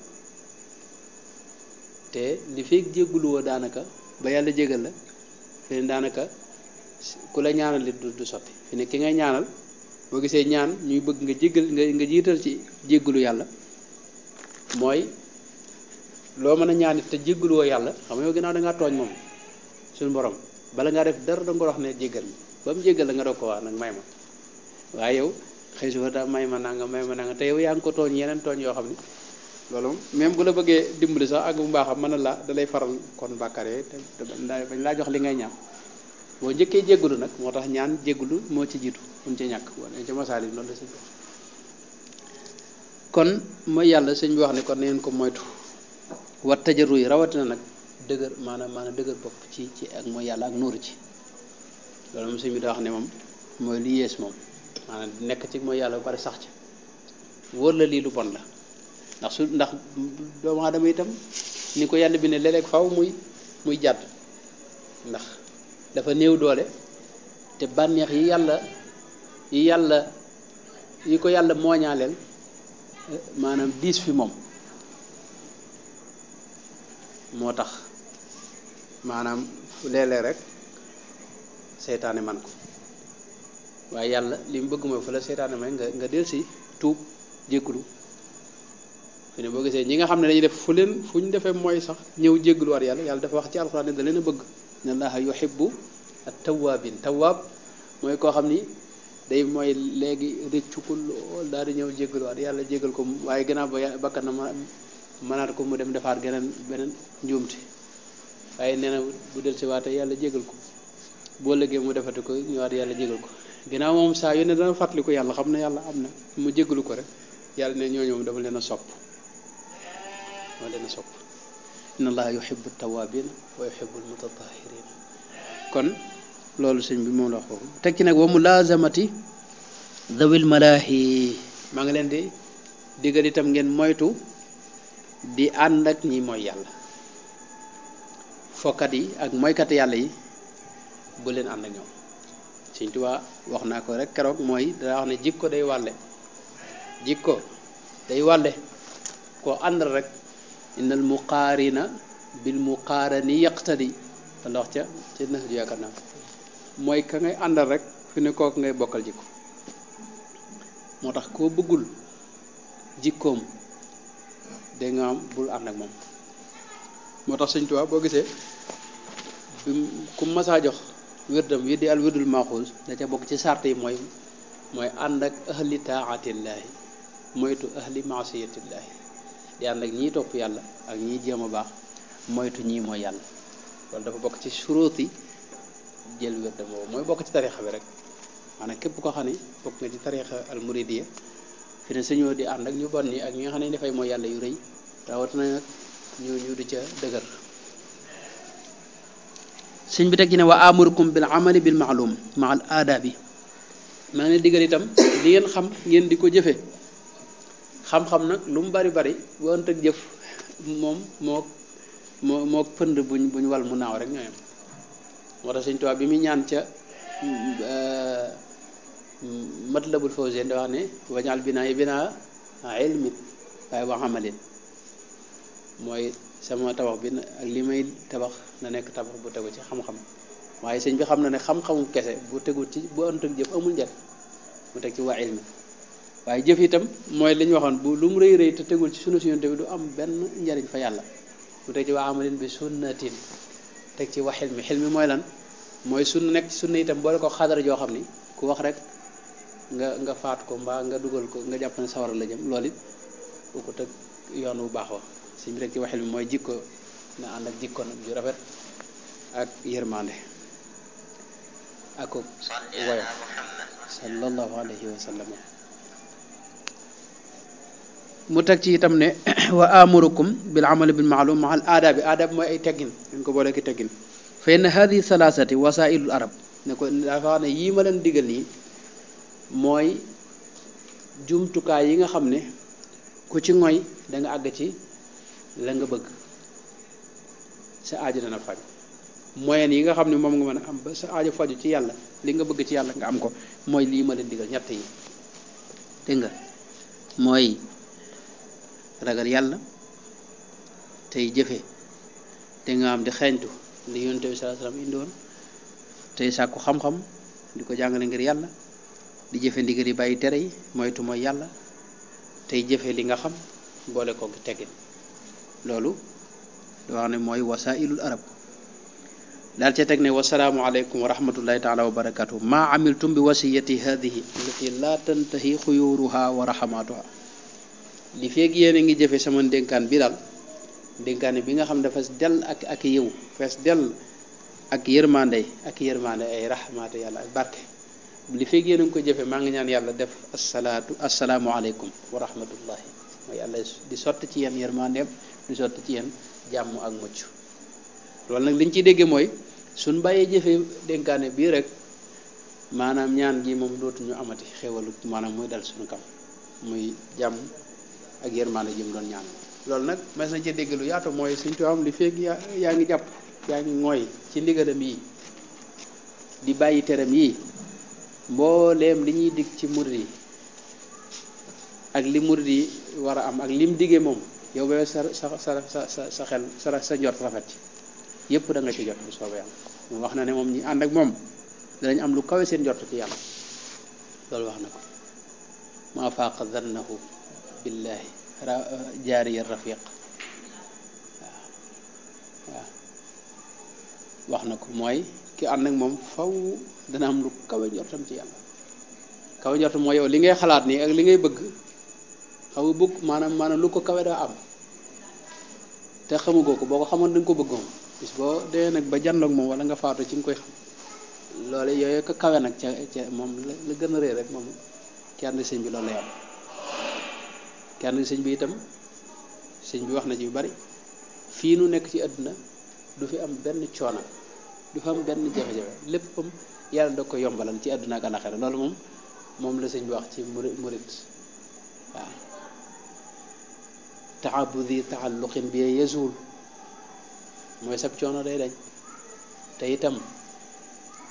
te li fekk jégguluwoo daanaka ba yàlla jégal la fi ne daanaka ku la ñaanal li du du sotti fi ne ki ngay ñaanal boo gisee ñaan ñuy bëgg nga jéggal nga nga jiital ci jéggulu yàlla moy lo meuna ñaan te jéggul wo yalla xam nga yow da nga togn mom suñu borom bala nga def dara da nga wax ne jéggal bam jéggal nga doog ko waa nag may yow xëy suba da mayma nanga mayma nanga te yow yaa ngi ko togn yenen togn yo xamni lolu même bu la bëggee dimbali sax ak bu baax mën na la da lay faral kon bakare te bañ la jox li ngay ñaan bo jëkke jéggulu nak motax ñaan jéggulu mo ci jitu buñ ci ñak wala ci masaali loolu la si kon mooy yàlla sëñ bi wax ne kon neen ko moytu wat tajaru yi rawatina nag dëgër maanaam maanaam dëgër bopp ci ci ak mooy yàlla ak nuuru ci loolu moom sëñ bi daa wax ne moom mooy li yées moom maanaam nekk ci mooy yàlla ba pare sax ci wóor la lii lu bon la ndax su ndax doomu aadama itam ni ko yàlla bi ne léeg faw muy muy jàdd ndax dafa néew doole te bànneex yi yàlla yi yàlla yi ko yàlla mooñaaleel maanaam diis fi moom moo tax maanaam léeg-léeg rek seytaane man ko waaye yàlla li mu bëgg mooy fa la seytaane may nga nga del si tuub jégglu fi ne boo gisee ñi nga xam ne dañuy def fu leen fu ñu defee mooy sax ñëw jégglu war yàlla yàlla dafa wax ci alxuraan ne da leen a bëgg ne allaha yuhibbu at tawwaabin tawwaab mooy koo xam ni day mooy léegi rëccu ko lool daal di ñëw jéggaluwaat yàlla jéggal ko waaye gannaaw ba bakkan na mënaat ko mu dem defaat geneen beneen njuumte waaye nee bu del si waate yàlla jéggal ko boo lëggee mu ko ñëwaat yàlla jéggal ko gannaaw moom saa yu ne dana fàttali yàlla xam na yàlla am na mu jéggalu ko rek yàlla ne ñooñu moom dama leen a sopp dafa leen a sopp inna allaha yuhibbu tawabina wa yuhibbu almutatahirina kon loolu sëñ bi moom la wax foofu teg ci nag wa mulazamati dawil malaahi maa ngi leen di digal itam ngeen moytu di ànd ak ñi mooy yàlla fokkat yi ak moykat yàlla yi bu leen ànd ak ñoom sëñ Tuubaa wax naa ko rek keroog mooy daa wax ne jikko day wàlle jikko day wàlle koo àndal rek indal innal muqaarina bil muqaarani yaqtadi te ndox ca ci na yaakaar naa mooy ka ngay àndal rek fi ne kooku ngay bokkal jikko moo tax koo bëggul jikkoom da nga am bul ànd ak moom moo tax sëñ Tuubaa boo gisee bi ku masaa jox wërdam yi di al wërdul maaxuus da ca bokk ci sart yi mooy mooy ànd ak ahli taatillaahi moytu ahli maasiyatillaahi di ànd ak ñiy topp yàlla ak ñiy jéem a baax moytu ñii mooy yàlla loolu dafa bokk ci suróoti jël wërde boobu mooy bokk ci tarixa bi rek maanaam képp ko xam ne bokk nga ci tarixa al muridiya fi ne sañoo di ànd ak ñu bon ñi ak ñi nga xam ne dafay mooy yàlla yu rëy rawatina nag ñu ñu du ca dëgër sëñ bi teg ne wa amurukum bil amali bil maalum ma al aadaabi maa ngi digal itam li ngeen xam ngeen di ko jëfe xam-xam nag lu mu bari bari wante ak jëf moom moo moo moo pënd buñ buñ wal mu naaw rek ñooyam moo tax sëñ Tuubaa bi muy ñaan ca euh, Matlabul Fawzayni da wax ne wañaal binaa yi binaa ilmin waaye wa mooy sama tabax bi ak li may tabax na nekk tabax bu tegu ci xam-xam waaye sëñ bi xam na ne xam-xamu kese bu tegul ci bu antu jëf amul njariñ mu teg ci waa ilmi waaye jëf itam mooy li ñu waxoon bu lu mu rëy rëy te tegul ci sunu suñu bi du am benn njariñ fa yàlla mu teg ci waa amalin bi sunnatin teg ci wax mi xel mi mooy lan mooy su nekk ci sunna itam boole ko xadara joo xam ni ku wax rek nga nga faat ko mbaa nga dugal ko nga jàpp ne sawara la jëm loolu it ko teg yoon wu baax wa si bi rek ci waxel mi mooy jikko na ànd ak jikko nag ju rafet ak yërmande ak woyof sallallahu alayhi wa sallam mu teg ci itam ne wa amurukum bil amali bil maalum mahal aadaabi aadaab mooy ay teggin dañ ko boolee ki teggin fa inna hadihi salaasati wasailul arab ne ko dafa wax ne yii ma leen digal jumtukaay yi nga xam ne ku ci ngoy da àgg ci la bëgg sa aajo dana faj yi nga xam ne moom nga mën a am ba sa aajo faju ci yàlla li nga bëgg ci yàlla nga am ko mooy lii ma leen digal ñett yi dégg nga mooy ragal yàlla tey jëfe te nga am di xeeñtu li yonent bi sallallahu alayhi wasallam indoon tey sàkku xam-xam di ko jàngale ngir yàlla di jëfe ndigal bàyyi tere yi moytu mooy yàlla tey jëfe li nga xam boole ko teggin loolu da wax ne mooy wasailul arab daal ca teg ne wasalaamu aleykum wa rahmatullahi wa barakatuh maa amiltum bi wasiyati hadihi allati la tantahi xuyuruha wa raxamaatuha li feeg yéen a ngi jëfe sama dénkaan bi dal dénkaane bi nga xam dafa del ak ak yëw fees del ak yërmande ak yërmande ay rahmaate yàlla ak barke li feeg yéen a ngi ko jëfe maa ngi ñaan yàlla def asalaatu alaykum wa rahmatullahi mooy yàlla di sotti ci yéen yërmandeem di sotti ci yéen jàmm ak mucc loolu nag liñ ci déggee mooy sun bàyyee jëfe dénkaane bii rek maanaam ñaan gi moom dootuñu amati xéwalu maanaam mooy dal sunu kam muy jàmm ak yermane jëm doon ñaan lool nak mas na ci dégg lu yaatu mooy suñ tuwaam li feeg ya-, yaa ngi jàpp yaa ngi ngooy ci ndigalam yi di bàyyi teram yi mbooleem li ñuy dig ci murid yi ak li murid yi war a am ak lim digee moom yow ba sa sa sa sa sa xel sa sa jot rafet ci yépp da nga ci jot bu soobee yàlla mu wax na ne moom ñi ànd ak moom danañ am lu kawe seen jot ci yàlla loolu wax na ko ma faaqa dannahu billaahi jaariya rafiq waaw wax na ko mooy ki ànd ak moom faw dana am lu kawe njortam ci yàlla kawe njortam mooy yow li ngay xalaat nii ak li ngay bëgg xaw bëgg maanaam maana lu ko kawe daa am te xamugoo ko boo ko xamoon danga ko bëggoon bis boo dee nag ba jandoog moom walla nga faatu ci nga koy xam loolu yooyu ko kawe nag ca ca moom la gën a rëy rek moom kenn sëñ bi loolu yàlla kenn sëñ bi itam sëñ bi wax na ci yu bari fii nu nekk ci àdduna du fi am benn coono du fi am benn jafe-jafe léppam yàlla da ko yombalal ci àdduna ak alaxira loolu moom moom la sëñ bi wax ci murit waaw taabudi taalluqin bi yezuul mooy sab coono day dañ te itam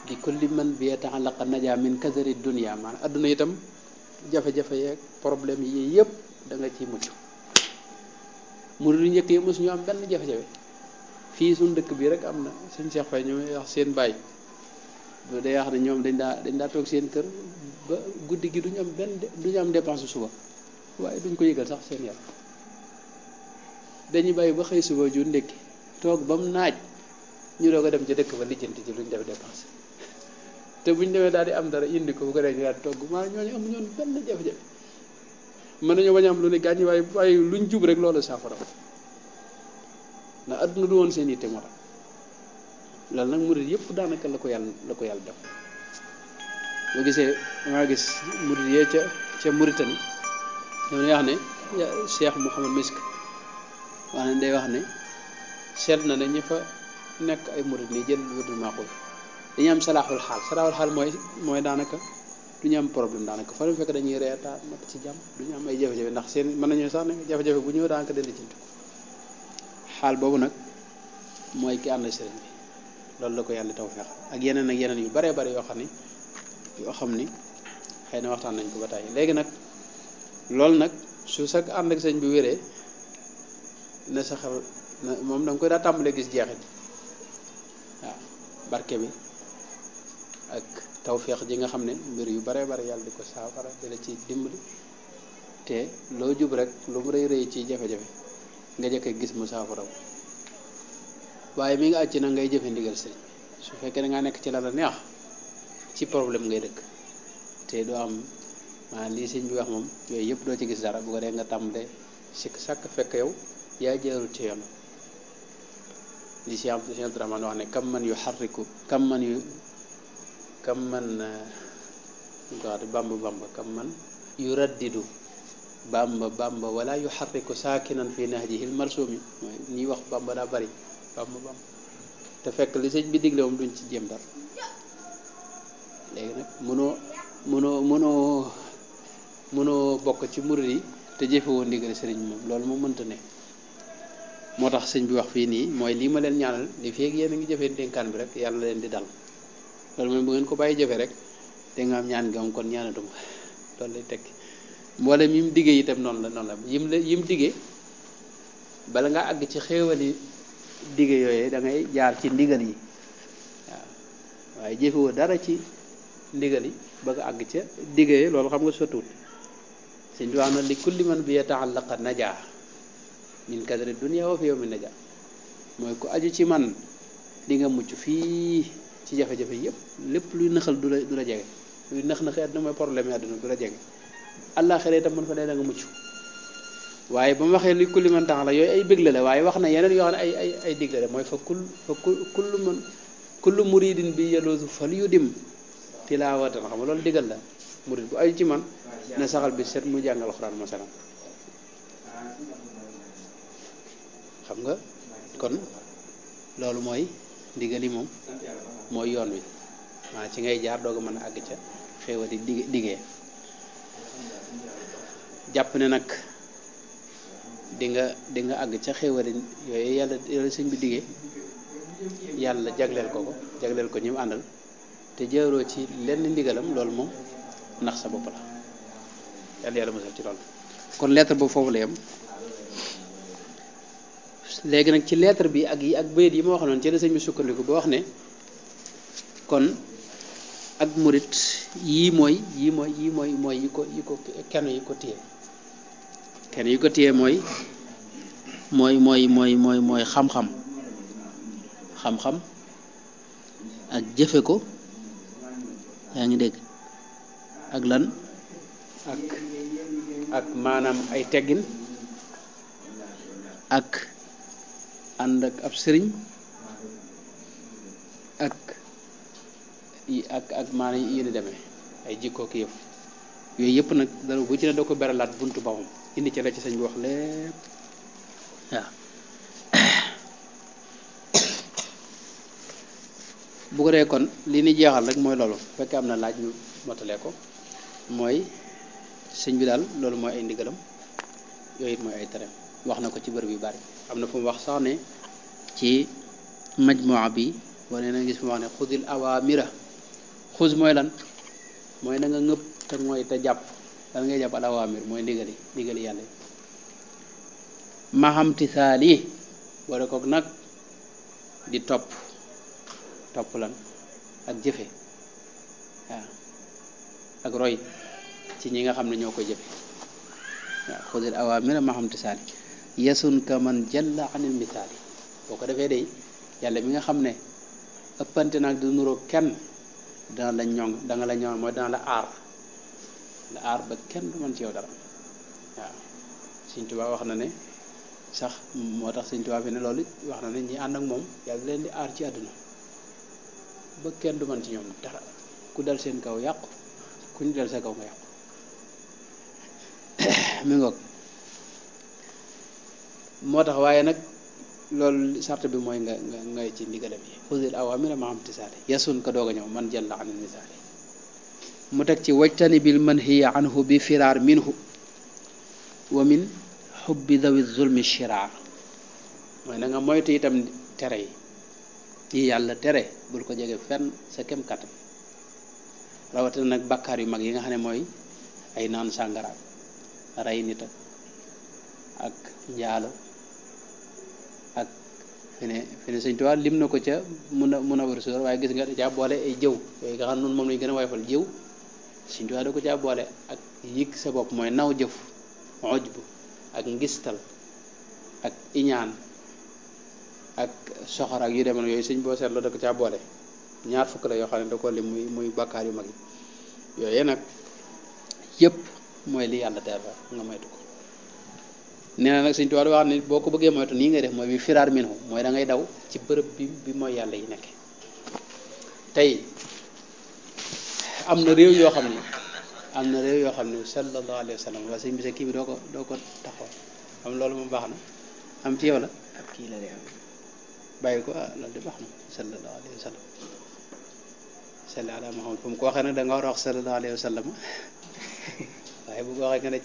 di kulli man bi taalaqa najaa min kasari dunia maanaam àdduna itam jafe-jafe yeeg problème yi yépp da nga ci mucc murid yu njëkk yi mosuñu am benn jafe-jafe fii suñ dëkk bii rek am na seen Cheikh Faye ñoom wax seen bàyyi bu day wax ne ñoom dañ daa dañ daa toog seen kër ba guddi gi duñu am benn duñu am dépense suba waaye duñ ko yëgal sax seen yar dañu bàyyi ba xëy suba ju ndékki toog ba mu naaj ñu doog a dem ci dëkk ba lijjanti ci luñ def dépense te buñ demee daal di am dara indi ko bu ko defee togg maa ñooñu amuñu benn jafe-jafe mën nañu bañ am lu ne gàññi waaye waaye luñ jub rek loolu saafara ndax adduna du woon seen yitte moo tax loolu nag murid yëpp daanaka la ko yàlla la ko yàlla def boo gisee dangaa gis murid yee ca ca Mauritanie dañuy wax ne Cheikh Mouhamad Misk wax ne day wax ne seet na ne ñi fa nekk ay murid nii jël wërdul maaxul dañuy salaaxul xaal salaaxul xaal mooy mooy daanaka duñu am problème ko fa fekk dañuy reetaan nekk ci jàmm duñu am ay jafe-jafe ndax seen mën nañu sax ne jafe-jafe bu ñëw daanaka dend ci xaal boobu nag mooy ki ànd sëriñ bi loolu la ko yàlla taw feex ak yeneen ak yeneen yu bare bare yoo xam ni yoo xam ni xëy na waxtaan nañ ko ba tàyyi léegi nag loolu nag su sa ànd ak sëriñ bi wéree na sa xel na moom da koy daa tàmbalee gis jeexit waaw barke bi ak tawfiq ji nga xamne mbir yu bare bare yalla diko ko saafara ci dimbali te lo jub rek lu mu reey reey ci jafé jafé nga jëkke gis mu saafara waaye mi nga acci na ngay jëfe ndigal sëriñ su fekkee nga nek ci la la neex ci problème ngay dëkk te do am ma li señ bi wax mom yooyu yëpp do ci gis dara bu ko dee nga tàmbalee sikk sak fekk yow ya jëru ci yoon li ci am sëñ Abdourahmane wax ne kam man yuharriku kam man yu kam man eh, ko bamba bamba kam man yuraddidu bamba bamba wala yuharriku sakinan fi nahjihi almarsumi ni wax bamba da bari bamba bamba te fek li señ bi diglé mom duñ ci jëm dal légui nak mëno mëno mëno mëno bok ci muridi te jëfé won digal señ mom loolu mo mënta ne motax señ bi wax fi ni moy li ma len ñaanal li feek yeen ngi jëfé denkan bi rek yalla len di dal loolu mooy bu ngeen ko bàyyi jëfe rek te nga am ñaan gam kon ñaanatu ma loolu lay tekki mboolem yim diggee itam noonu la noonu la yim la yim diggee bala nga àgg ci xéewali digge yooyu da ngay jaar ci ndigal yi waaw waaye jëfewoo dara ci ndigal yi ba nga àgg ca digge yooyu loolu xam nga sottuwut sëñ bi wax na li kulli man bi yataallaqa najaa min kadri dunia wa fi yawmi najaa mooy ku aju ci man di nga mucc fii ci jafe-jafe yépp lépp luy naxal du la du la jege luy nax naxi àdduna mooy problème yi àdduna du la jege àllaaxira itam mën fa dee da nga mucc waaye ba mu waxee li kulli man tax la yooyu ay bégle la waaye wax na yeneen yoo xam ne ay ay ay mooy fa kul fa kul bi yaloosu fal yu dim tilaawatan xam nga loolu digal la murid bu aju ci man saxal bi set mu jàngal xuraan masalan nga kon loolu mooy ndigali moom mooy yoon wi maa ci ngay jaar doog a mën a àgg ca xéewati di jàpp ne nag di nga di nga àgg ca xéewati yooyu yàlla yàlla sëñ bi digee yàlla jagleel ko ko jagleel ko ñi mu àndal te jaaroo ci lenn ndigalam loolu moom nax sa bopp la yàlla yàlla musal ci loolu kon lettre boobu foofu la yem léegi nag ci lettre bi ak yi ak bayit yi ma waxoon ci la sëñ bi sukkandiku ba wax ne kon ak murit yii mooy yii mooy yii mooy mooy yi ko yi ko kenn yi ko téye kenn yi ko téye mooy mooy mooy mooy mooy mooy xam-xam xam-xam ak jëfe ko yaa ngi dégg ak lan ak ak maanaam ay teggin ak ànd ak ab sëriñ ak ak ak maanaam yéen demee ay jikkook yëf yooyu yëpp nag dara bu ci ne doo ko beralaat buntu bawum indi ci ci sañ wax lépp ko dee kon li ni jeexal rek mooy loolu fekkee am na laaj ñu motalee ko mooy sëñ bi daal loolu mooy ay ndigalam yooyu it mooy ay tereem wax na ko ci bërëb yu bari am na fu mu wax sax ne ci majmua bi wane na gis mu wax ne xudil awamira xuus mooy lan mooy na nga ngëpp te mooy te jàpp lan ngay jàpp alawaamir mooy ndigali ndigali yàlla maxamti saal yi boole koog nag di topp topp lan ak jëfe waaw ak roy ci ñi nga xam ne ñoo koy jëfe waaw xudir awamira maxamti saal yi yasun ka man jalla anil misaal boo ko defee day yàlla mi nga xam ne ëppante nag du nuroo kenn dana la ñong da nga la ñong moy dana la ar la ar ba kenn du man ci yow dara wa seigne touba wax na ne sax motax seigne touba fi ne loolu wax na ne ñi and ak mom ya leen di ar ci aduna ba kenn du man ci ñoom dara ku dal seen kaw yaq ku ñu dal sa kaw nga yaq mi ngok motax waye nak loolu sart bi mooy nga nga ngay ci ndigalam yi xusil awamira ma am tisaali yasun ka doog a ñëw man jalla an misaali mu teg ci wajtani bil manhiya anhu bi firaar minhu wa min xubbi dawi zulmi shiraar mooy na nga moytu itam tere yi yi yàlla tere bul ko jege fenn sa kem kattan rawatina nag bakkaar yu mag yi nga xam ne mooy ay naan sàngaraak rey nit ak njaalo fene fene sëñ Tuubaa lim na ko ca mun a mun a war suur waaye gis nga da caa boole ay jëw yooyu nga xam noonu moom lañu gën a wayfal jëw sëñ Tuubaa da ko caa boole ak yëg sa bopp mooy naw jëf xoj ngistal ak iñaan ak soxor ak yu demoon yooyu sëñ boo seetloo ko caa ñaar fukk la yoo xam ne da ko lim yu mag yi yooyu yëpp mooy li yàlla teral nga moytu ko nee na nag sëñ Tuubaa wax ne boo ko bëggee moytu nii ngay def mooy bi firaar minhu mooy da daw ci bërëb bi bi mooy yàlla yi nekk tey am na réew yoo xam ne am na réew yoo xam ne sallallahu alayhi wa sallam waa sëñ bi sa kii bi doo ko doo ko taxaw am loolu moom baax na ci yow la ak kii la réew bàyyi ko ah loolu de baax ko waxee nag da nga war a wax sallallahu alayhi wa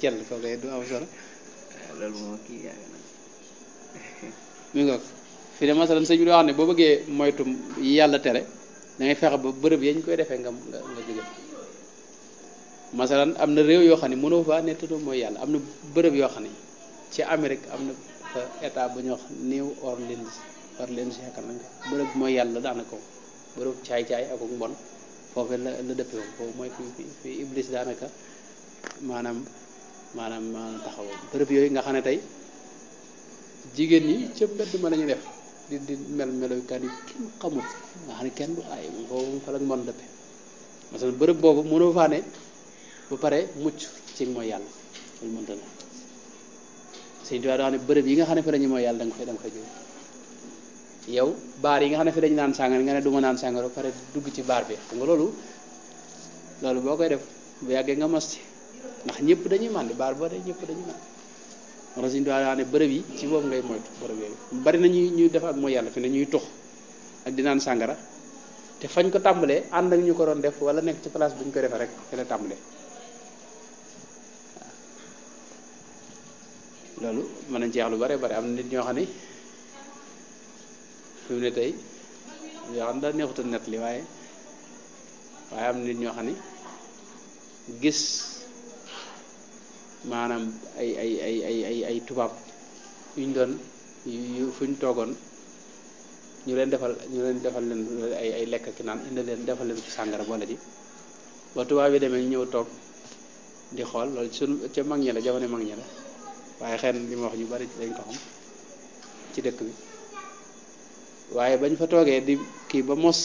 du am solo loolu moo kii yàgg na mi ngoog fi de masalan sëñ bi doo xam ne boo bëggee moytu yàlla tere da ngay fexe ba bërëb yañ koy defee nga nga nga jóge masalan am na réew yoo xam ne mënoo faa ne tëddoo mooy yàlla am na bërëb yoo xam ne ci Amérique am na fa état bu ñuy wax New Orleans Orleans yaakaar nañ ko bërëb mooy yàlla daanaka bërëb caay-caay ak mbon foofu la la foofu mooy fi fi Iblis daanaka maanaam manam taxaw bërëb yooyu nga xam ne tey jigéen ñi ca mbedd ma lañu def di di mel melokaan yi kenn xamul nga xam ne kenn du ay moom foofu fa la mën dëppe masalan bërëb boobu mënoo faa ne ba pare mucc ci mooy yàlla loolu mënta na sëñ Tuubaa daa ne bërëb yi nga xam ne fa lañu ñu mooy yàlla da nga fay da nga fay jóge yow baar yi nga xam ne fi dañu naan sàngara nga ne du ma naan sàngara ba pare dugg ci baar bi xam nga loolu loolu boo koy def bu yàggee nga mos ci ndax ñëpp dañuy mànd baar ba rek ñëpp dañuy mànd wala suñ daa ne bërëb yi ci boobu ngay moytu bërëb yooyu bari na ñuy ñuy def ak mooy yàlla fi ne ñuy tux ak di naan sàngara te fañ ko tàmbalee ànd ak ñu ko doon def wala nekk ci place buñ ko defee rek te la tàmbalee loolu mën nañ ci wax lu bare bare am na nit ñoo xam ne fi mu ne tey yoo xam daa neexuta net li waaye waaye am na nit ñoo xam ne gis maanaam ay ay ay ay ay ay tubaab yuñ doon yu ñu toogoon ñu leen defal ñu leen defal leen ay ay lekk ki naan indi leen defal leen ci sàngara boole di ba tubaab yi demee ñëw toog di xool loolu sunu ca mag ñi la jamono mag ñi la waaye xëy na ma wax ñu bari dañ ko xam ci dëkk bi waaye bañ fa toogee di kii ba mos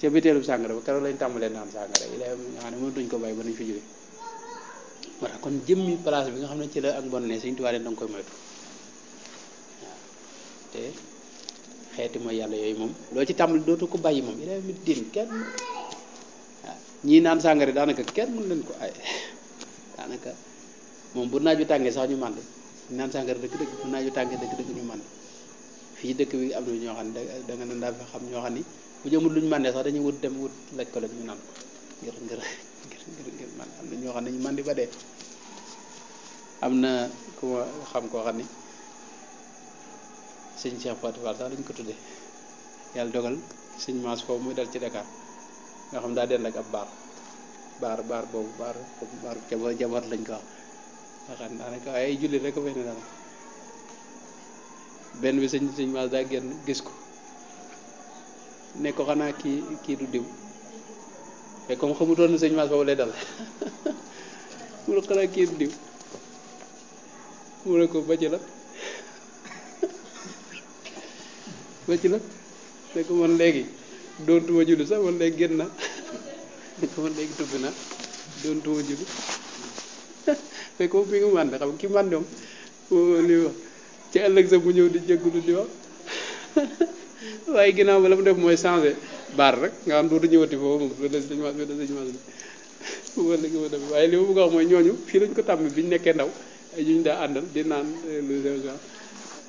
ca biteelub sàngara ba keroog lañ tàmbalee naan sàngara yi la xam ne ko bàyyi ba nañ fi jóge moo kon jëmmi place bi nga xam ne ci la ak mbon ne Sëñ Tuubaa da nga koy moytu waaw te xeeti mooy yàlla yooyu moom loolu ci tàmbali dootu ko bàyyi moom yeneen mi din kenn waaw ñii naan sàngara daanaka kenn mën leen ko ay daanaka moom bu naaju tàngee sax ñu màndi naan sàngara dëkk dëkk bu naaju tàngee dëkk ñu màndi fii dëkk bi am na ñoo xam ne da nga daal fi xam ñoo xam ni bu jëmul luñ màndee sax dañuy wut dem wut laj ko la ñu naan ko ngir ngir ngir ngir man am na ñoo xam ne ñu mandi ba dee am na ku xam koo xam ne sëñ Cheikh Fatou Fall sax dañ ko tudde yàlla dogal sëñ Mass foofu muy dal ci Dakar nga xam daa dend ak ab baar baar baar boobu baar baar jabar jabar lañ ko wax benn bi sëñ sëñ Mass daa génn gis ko ne ko xanaa kii du diw mais comme xamu doon sëñ maas boobu lay dal mu ko la kiir diw mu ne ko ba la ba la te ko man léegi doontuma julli sax man léegi génn na ne ko man léegi tubbi na doontuma julli fekk moom mi ngi mànd xam ki màndoom moom li wax ci ëllëg sax mu ñëw di jégalu di wax waaye ginnaaw ba la mu def mooy changé baar rek nga xam dootu ñëwati foofu moom wala sëñ Mass wala sëñ Mass wala gi ma def waaye li ma bëgg a wax mooy ñooñu fii lañ ko tàmm bi ñu nekkee ndaw daa àndal di naan eh, lu sew sew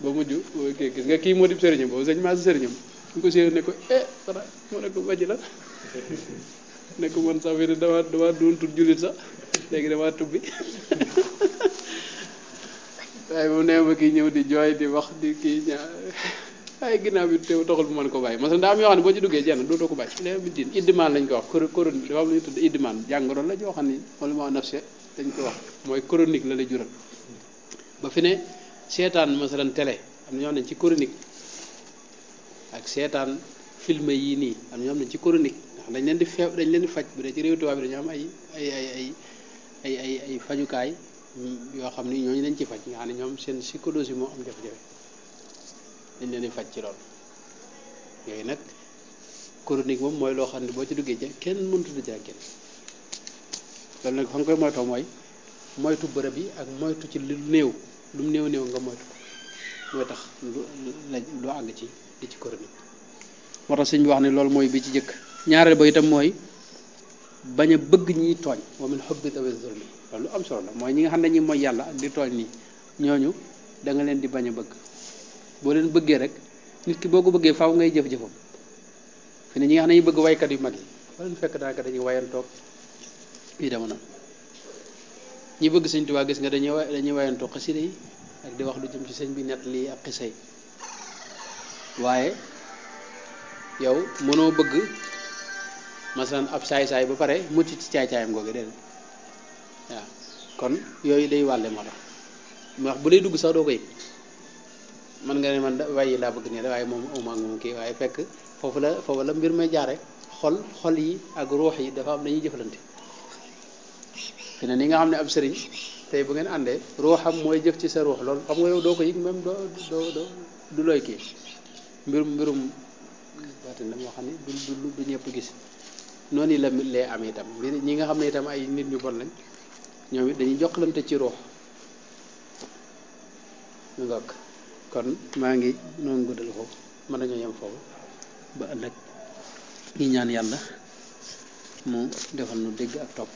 ba mujj kii gis nga kii moo di sëriñam ko séeréer ne eh dara mu ne la ne ko eh, sax fii dama dama doon léegi dama tubbi waaye moom ma kii ñëw di jooy di wax di kii ñaar. ay ginaaw bi tew taxul bu man ko bàyyi masalan daa am yoo xam ne boo ci duggee jenn dootoo ko bàyyi léegi bi diin iddimaan lañ ko wax koron dafa am lu ñu tudd iddimaan jàngoro la joo xam ne wala moo nafse dañ ko wax mooy chronique la lay jural ba fi ne seetaan masalan télé am na ñoo ne ci chronique ak seetaan film yi nii am ñoo xam ne ci chronique ndax dañ leen di feew dañ leen di faj bu dee ci réew tubaab bi dañu am ay ay ay ay ay ay ay fajukaay mm, yoo xam ne ñooñu lañ ci faj nga xam ne ñoom seen psychologie moo am jafe-jafe dañ leen di faj ci lool yooyu nag chronique moom mooy loo xam ne boo ci duggee ja kenn mënut a jaa génn loolu nag fa nga koy moytoo mooy moytu bërëb yi ak moytu ci lu néew lu néew néew nga moytu mooy tax lu ci di ci chronique moo sëñ wax ne loolu mooy bi ci jëkk ñaareel ba itam mooy bañ a bëgg ñiy tooñ wa min hubbi dawe zulmi loolu am solo mooy ñi nga xam ne ñi mooy yàlla di tooñ nii ñooñu danga leen di bañ a bëgg boo leen bëggee rek nit ki boo ko bëggee faw ngay jëf-jëfam fi ne ñi nga xam ne ñu bëgg waykat yu mag yi boo leen fekk daanaka dañuy wayan toog fii dama na ñi bëgg sëñ Tuubaa gis nga dañuy dañuy wayan toog xasida yi ak di wax lu jëm ci sëñ bi nett lii ak xisa yi waaye yow mënoo bëgg masalan ab saay-saay ba pare mucc ci caay-caayam googu déedéet waaw kon yooyu day wàlle moo tax mu wax bu lay dugg sax doo ko man nga ne man waaye laa bëgg nii rek waaye moom uma ak moom kii waaye fekk foofu la foofu la mbir may jaare xol xol yi ak ruux yi dafa am dañuy jëflante fi ne ni nga xam ne ab sëriñ tey bu ngeen àndee ruuxam mooy jëf ci sa ruux loolu xam nga yow doo ko yëg même doo du looy kii mbirum mbirum batin moo xam ne du du du ñëpp gis noonu la lee am itam ñi nga xam ne itam ay nit ñu bon lañ ñoom it dañuy jokkalante ci ruux kon maa ngi noonu guddal foofu mën nañu yem foofu ba ëllëg ñi ñaan yàlla mu defal nu dégg ak topp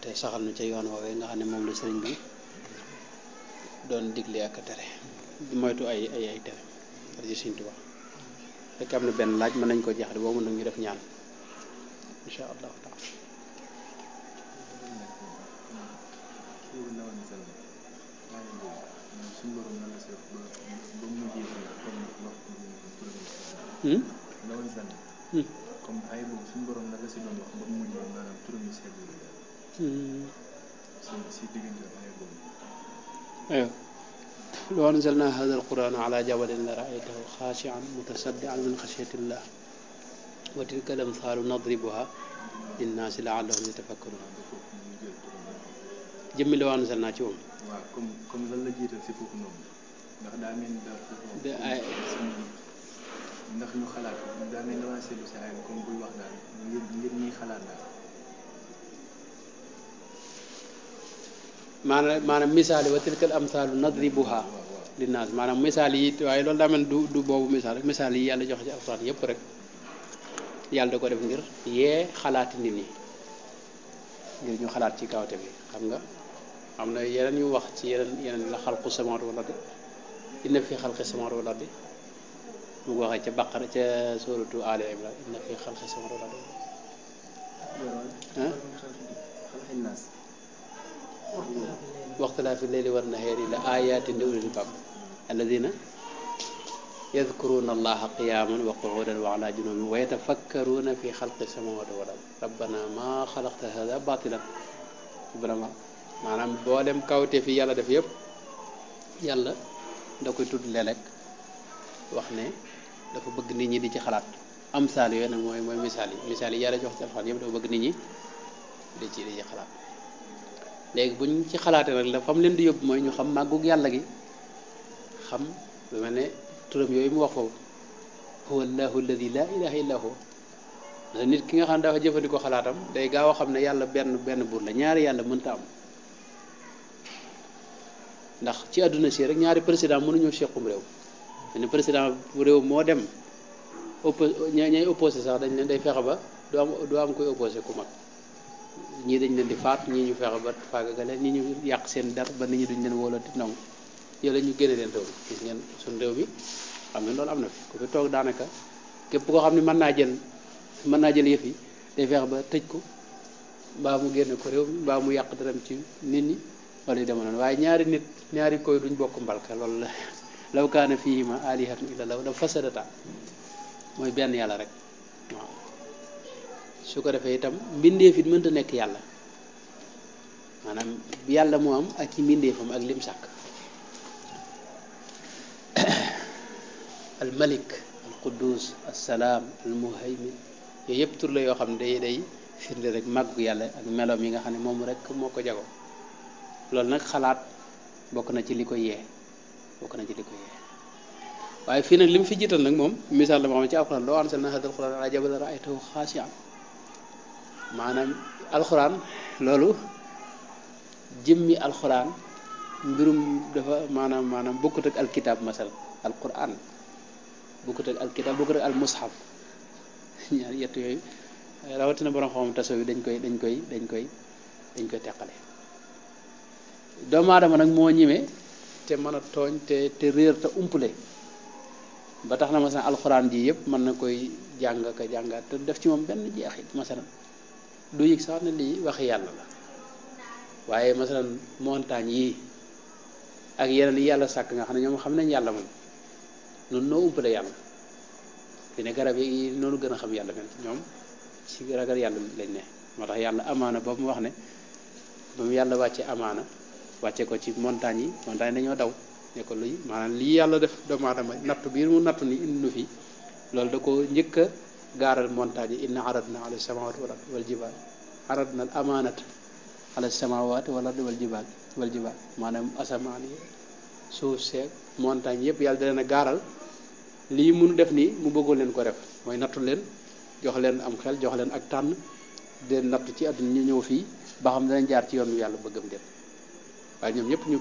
te saxal nu ca yoon woowee nga xam ne moom lu sëriñ bi doon digle ak tere di moytu ay ay ay tere par ci Sëriñ Tuubaa fekk am na benn laaj mën nañ ko jeexal boobu nag ñu def ñaan incha allahu taala Hmm. Hmm. أيوه. لو أنزلنا هذا القرآن على جبل لرأيته خاشعا متصدعا من خشية الله وتلك الأمثال نضربها للناس لعلهم يتفكرون jëmmi la waan sal naa ci moom. waaw comme comme lan la jiital si foofu noonu ndax daa mel ni daal foofu. ay ndax ñu xalaat daa mel ni waa Seydou Mana, comme buy wax daal ngir ngir ñuy xalaat daal. maanaam maanaam misaal yi wa tilkal nadribuha linnaas maanaam misaal yi waaye loolu daa mel du du boobu misaal rek misaal yi yàlla joxe ci alxuraan yépp rek yàlla da ko def ngir yee xalaati nit ñi ngir ñu xalaat ci kawte bi xam nga am na yeneen yu wax ci yeneen yeneen la xalqu samawaati wal ardi inna fi xalqi samawaati wal ardi mu ngi waxee ca baqara ca suratu ali imran inna fi xalqi samawaati wal ardi واختلاف الليل والنهار لآيات لأولي الألباب الذين يذكرون الله قياما وقعودا وعلى جنوبهم ويتفكرون في خلق السماوات والأرض ربنا ما خلقت هذا باطلا ربنا ما maanaam boo dem kawte fi yàlla def yëpp yàlla da koy tudd léeg-léeg wax ne dafa bëgg nit ñi di ci xalaat am saal yooyu nag mooy mooy misaal yi misaal yi yàlla jox ci alxuraan yëpp dafa bëgg ñi di ci di ci léegi bu ci xalaatee nag la fam leen di yóbbu mooy ñu xam màggug yàlla gi xam lu mel ne turam yooyu mu wax foofu huwa allahu alladi laa ilaha illa hu nit ki nga xam ne dafa jëfandikoo xalaatam day gaaw a xam ne yàlla benn benn buur la ñaari yàlla mënta am ndax ci aduna si rek ñaari président mënu ñoo sequm réew ene président bu réew moo dem ñay opposé sax dañ leen day fexe ba du am du am koy opposé ku mag ñi dañ leen di faat ñi ñu fexe ba faaga leen ñi ñu yàq seen dar ba nit ñi duñ leen wóolati nong yële ñu génne leen réew gis ngeen sun réew bi xam ngeen loolu am na fi ku fi toog daanaka képp koo xam ne mën naa jël mën naa jël yëf yi day fexe ba tëj ko mbaa mu génne ko réew mi mbaa mu yàq daram ci nit ñi wala yu demoon waaye ñaari nit ñaari koy duñ bokk mbalka loolu la law kaana fihima alihatun illa law la fasadata mooy benn yàlla rek waaw su ko defee itam mbindeef it mënta nekk yàlla maanaam yàlla moo am ak ci ak lim sàkk malik al yëpp tur yoo xam ne day day firnde rek màggu yàlla yi nga xam ne moom rek moo ko jago loolu nag xalaat bokk na ci li ko yee bokk na ci li ko yee waaye fii nag li fi jiital nag moom misal la moo ci alquran ci alxuraan loo anzalna haadal quraan alaa jabalin ra'aytahu xaashi'an maanaam alxuraan loolu jëmmi alxuraan mbirum dafa maanaam maanaam bokkut ak alkitab masal alquran bokkut ak alkitab bokkut ak almushaf ñaar yett yooyu rawatina borom xam-xam dañ koy dañ koy dañ koy dañ koy teqale doomu aadama nag moo ñime te mën a tooñ te te réer te umpule ba tax na masalan alxuraan ji yépp mën na koy jàng ka jàngaat te def ci moom benn jeexit masalan du yëg sax ne lii waxi yàlla la waaye masalan montagne yi ak yeneen yi yàlla sàkk nga xam ne ñoom xam nañ yàlla moom noonu noo umpale yàlla fi ne garab yi noonu gën a xam yàlla mel ñoom ci ragal yàlla lañ ne moo tax yàlla amaana boobu mu wax ne ba mu yàlla wàcce amaana wàcce ko ci montagne yi montagne dañoo daw ne ko luy maanaam lii yàlla def doomu aadama natt biir mu natt ni indi nu fi loolu da koo njëkk a gaaral montagne yi inna aradna ala samawati wal ardi wal jibaal arad na amaanat ala samawati wala wal jibaal wal jibaal maanaam asamaan yi suuf seeg montagne yëpp yàlla dana gaaral lii mun def nii mu bëggoon leen ko def mooy nattu leen jox leen am xel jox leen ak tànn de nattu ci àdduna ñu ñëw fii ba xam danañ jaar ci yoon wi yàlla bëggam dem waaye ñoom ñëpp ñu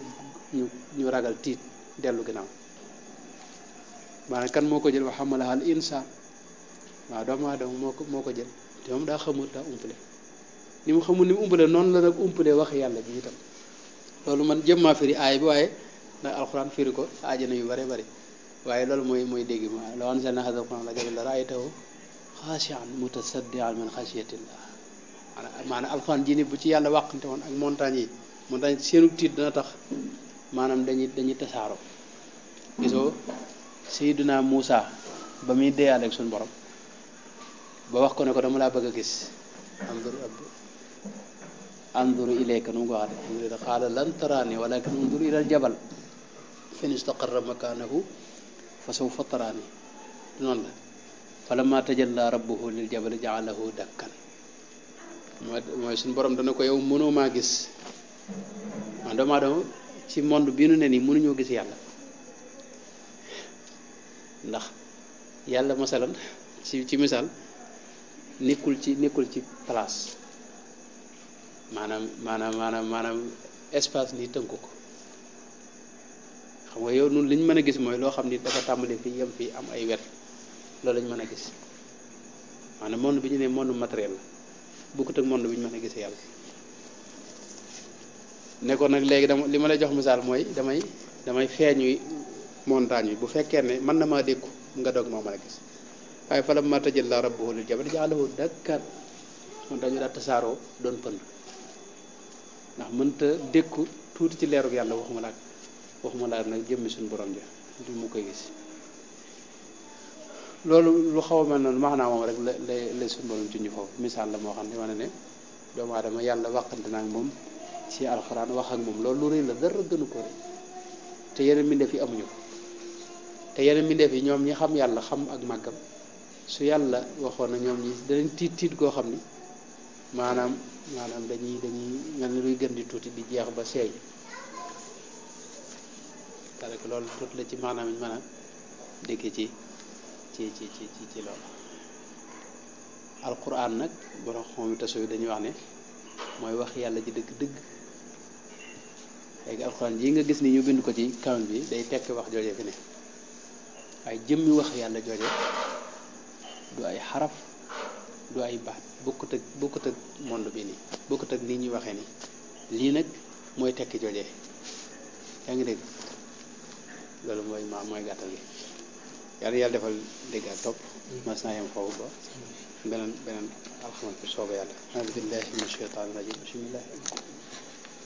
ñu ñu ragal tiit dellu ginnaaw maanaam kan moo ko jël wa xamalaha al insaan waaw doomu doom moo ko moo ko jël te moom daa xamul daa umpale ni mu xamul ni mu umpale noonu la nag umpale wax yàlla ji itam loolu man jëmmaa firi aay bi waaye nag alxuraan firi ko aajana yu bare bari waaye loolu mooy mooy dégg ma law anzalna haadha al-qur'aana alaa jabalin la ra'aytahu xaashi'an mutasaddi'an min xashyati llah maanaam alxuraan ji ni bu ci yàlla wàqante woon ak montagne yi moo tax seenu tiit dana tax maanaam dañuy dañuy tasaaroo gisoo Seydina Muusa ba muy deeyaale ak suñu borom ba wax ko ne ko dama laa bëgg a gis andur anduru ilayka nu mu ko waxee xaala lan taraani walakin undur ilal jabal fa in istaqarra makaanahu la falamma tajalla lil jabali jaalahu dakkan mooy mooy suñu borom dana ko yow mënoo maa gis man doomu si ci monde bi nu ne nii mënuñoo gis yàlla ndax yàlla masalan ci ci misaal nekkul ci nekkul ci place maanaam maanaam maanaam maanaam espace ni tënku ko xam nga yow nun liñ mën a gis mooy loo xam ni dafa tàmbali fi yem fi am ay wet loolu lañ mën a gis maanaam monde bi ñu ne monde matériel la bokkut ak monde bi ñu mën a yàlla ne ko nag léegi dama li ma lay jox misaal mooy damay damay feeñu montagne yi bu fekkee ne mën na maa dékku nga doog maa mën a gis waaye fala ma tajal la rabbuhu lil jabal jaalahu dakkan montagne yi daal tasaaroo doon pënd ndax mënta tuuti ci leerug yàlla waxuma laak waxuma laak nag jëmmi suñu borom ja li mu koy gis loolu lu xaw a mel noonu maanaam moom rek la la la suñu borom ci ñu foofu misaal la moo xam ne ma ne ne doomu aadama yàlla wàqante naa ak moom ci alxuraan wax ak moom loolu lu rëy la dara gënu ko rëy te yeneen mbindeef yi amuñu ko te yeneen mbindeef yi ñoom ñi xam yàlla xam ak màggam su yàlla waxoon na ñoom ñi danañ tiit tiit goo xam ni maanaam maanaam dañuy dañuy mel ni luy gën di tuuti di jeex ba seey parce que loolu tuuti la ci maanaam ñu mën a dégg ci ci ci ci ci loolu alquran nag borom xam-xam yi dañuy wax ne mooy wax yàlla ji dëgg-dëgg léegi alxuraan yi nga gis ni ñu bind ko ci kawn bi day tekki wax jooje fi ne ay jëmmi wax yàlla jooje du ay xaraf du ay baat bokkut ak bokkut bi nii bokkut ak nii ñuy waxee ni lii nag mooy tekki jooje yaa ngi dégg loolu mooy ma mooy gàttal gi yàlla yàlla defal dégg topp mas naa yem ba beneen beneen alxames bi sooba yàlla aouzu billahi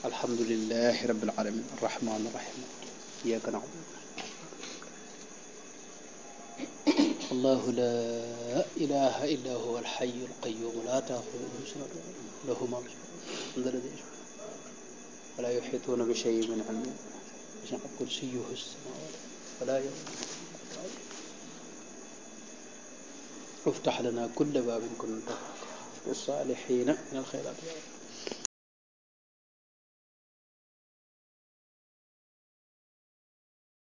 الحمد لله رب العالمين الرحمن الرحيم إياك نعبد الله لا إله إلا هو الحي القيوم لا تأخذه سنة له ما ولا يحيطون بشيء من علمه وسع كرسيه السماوات ولا يؤمن افتح لنا كل باب كنت الصالحين من الخيرات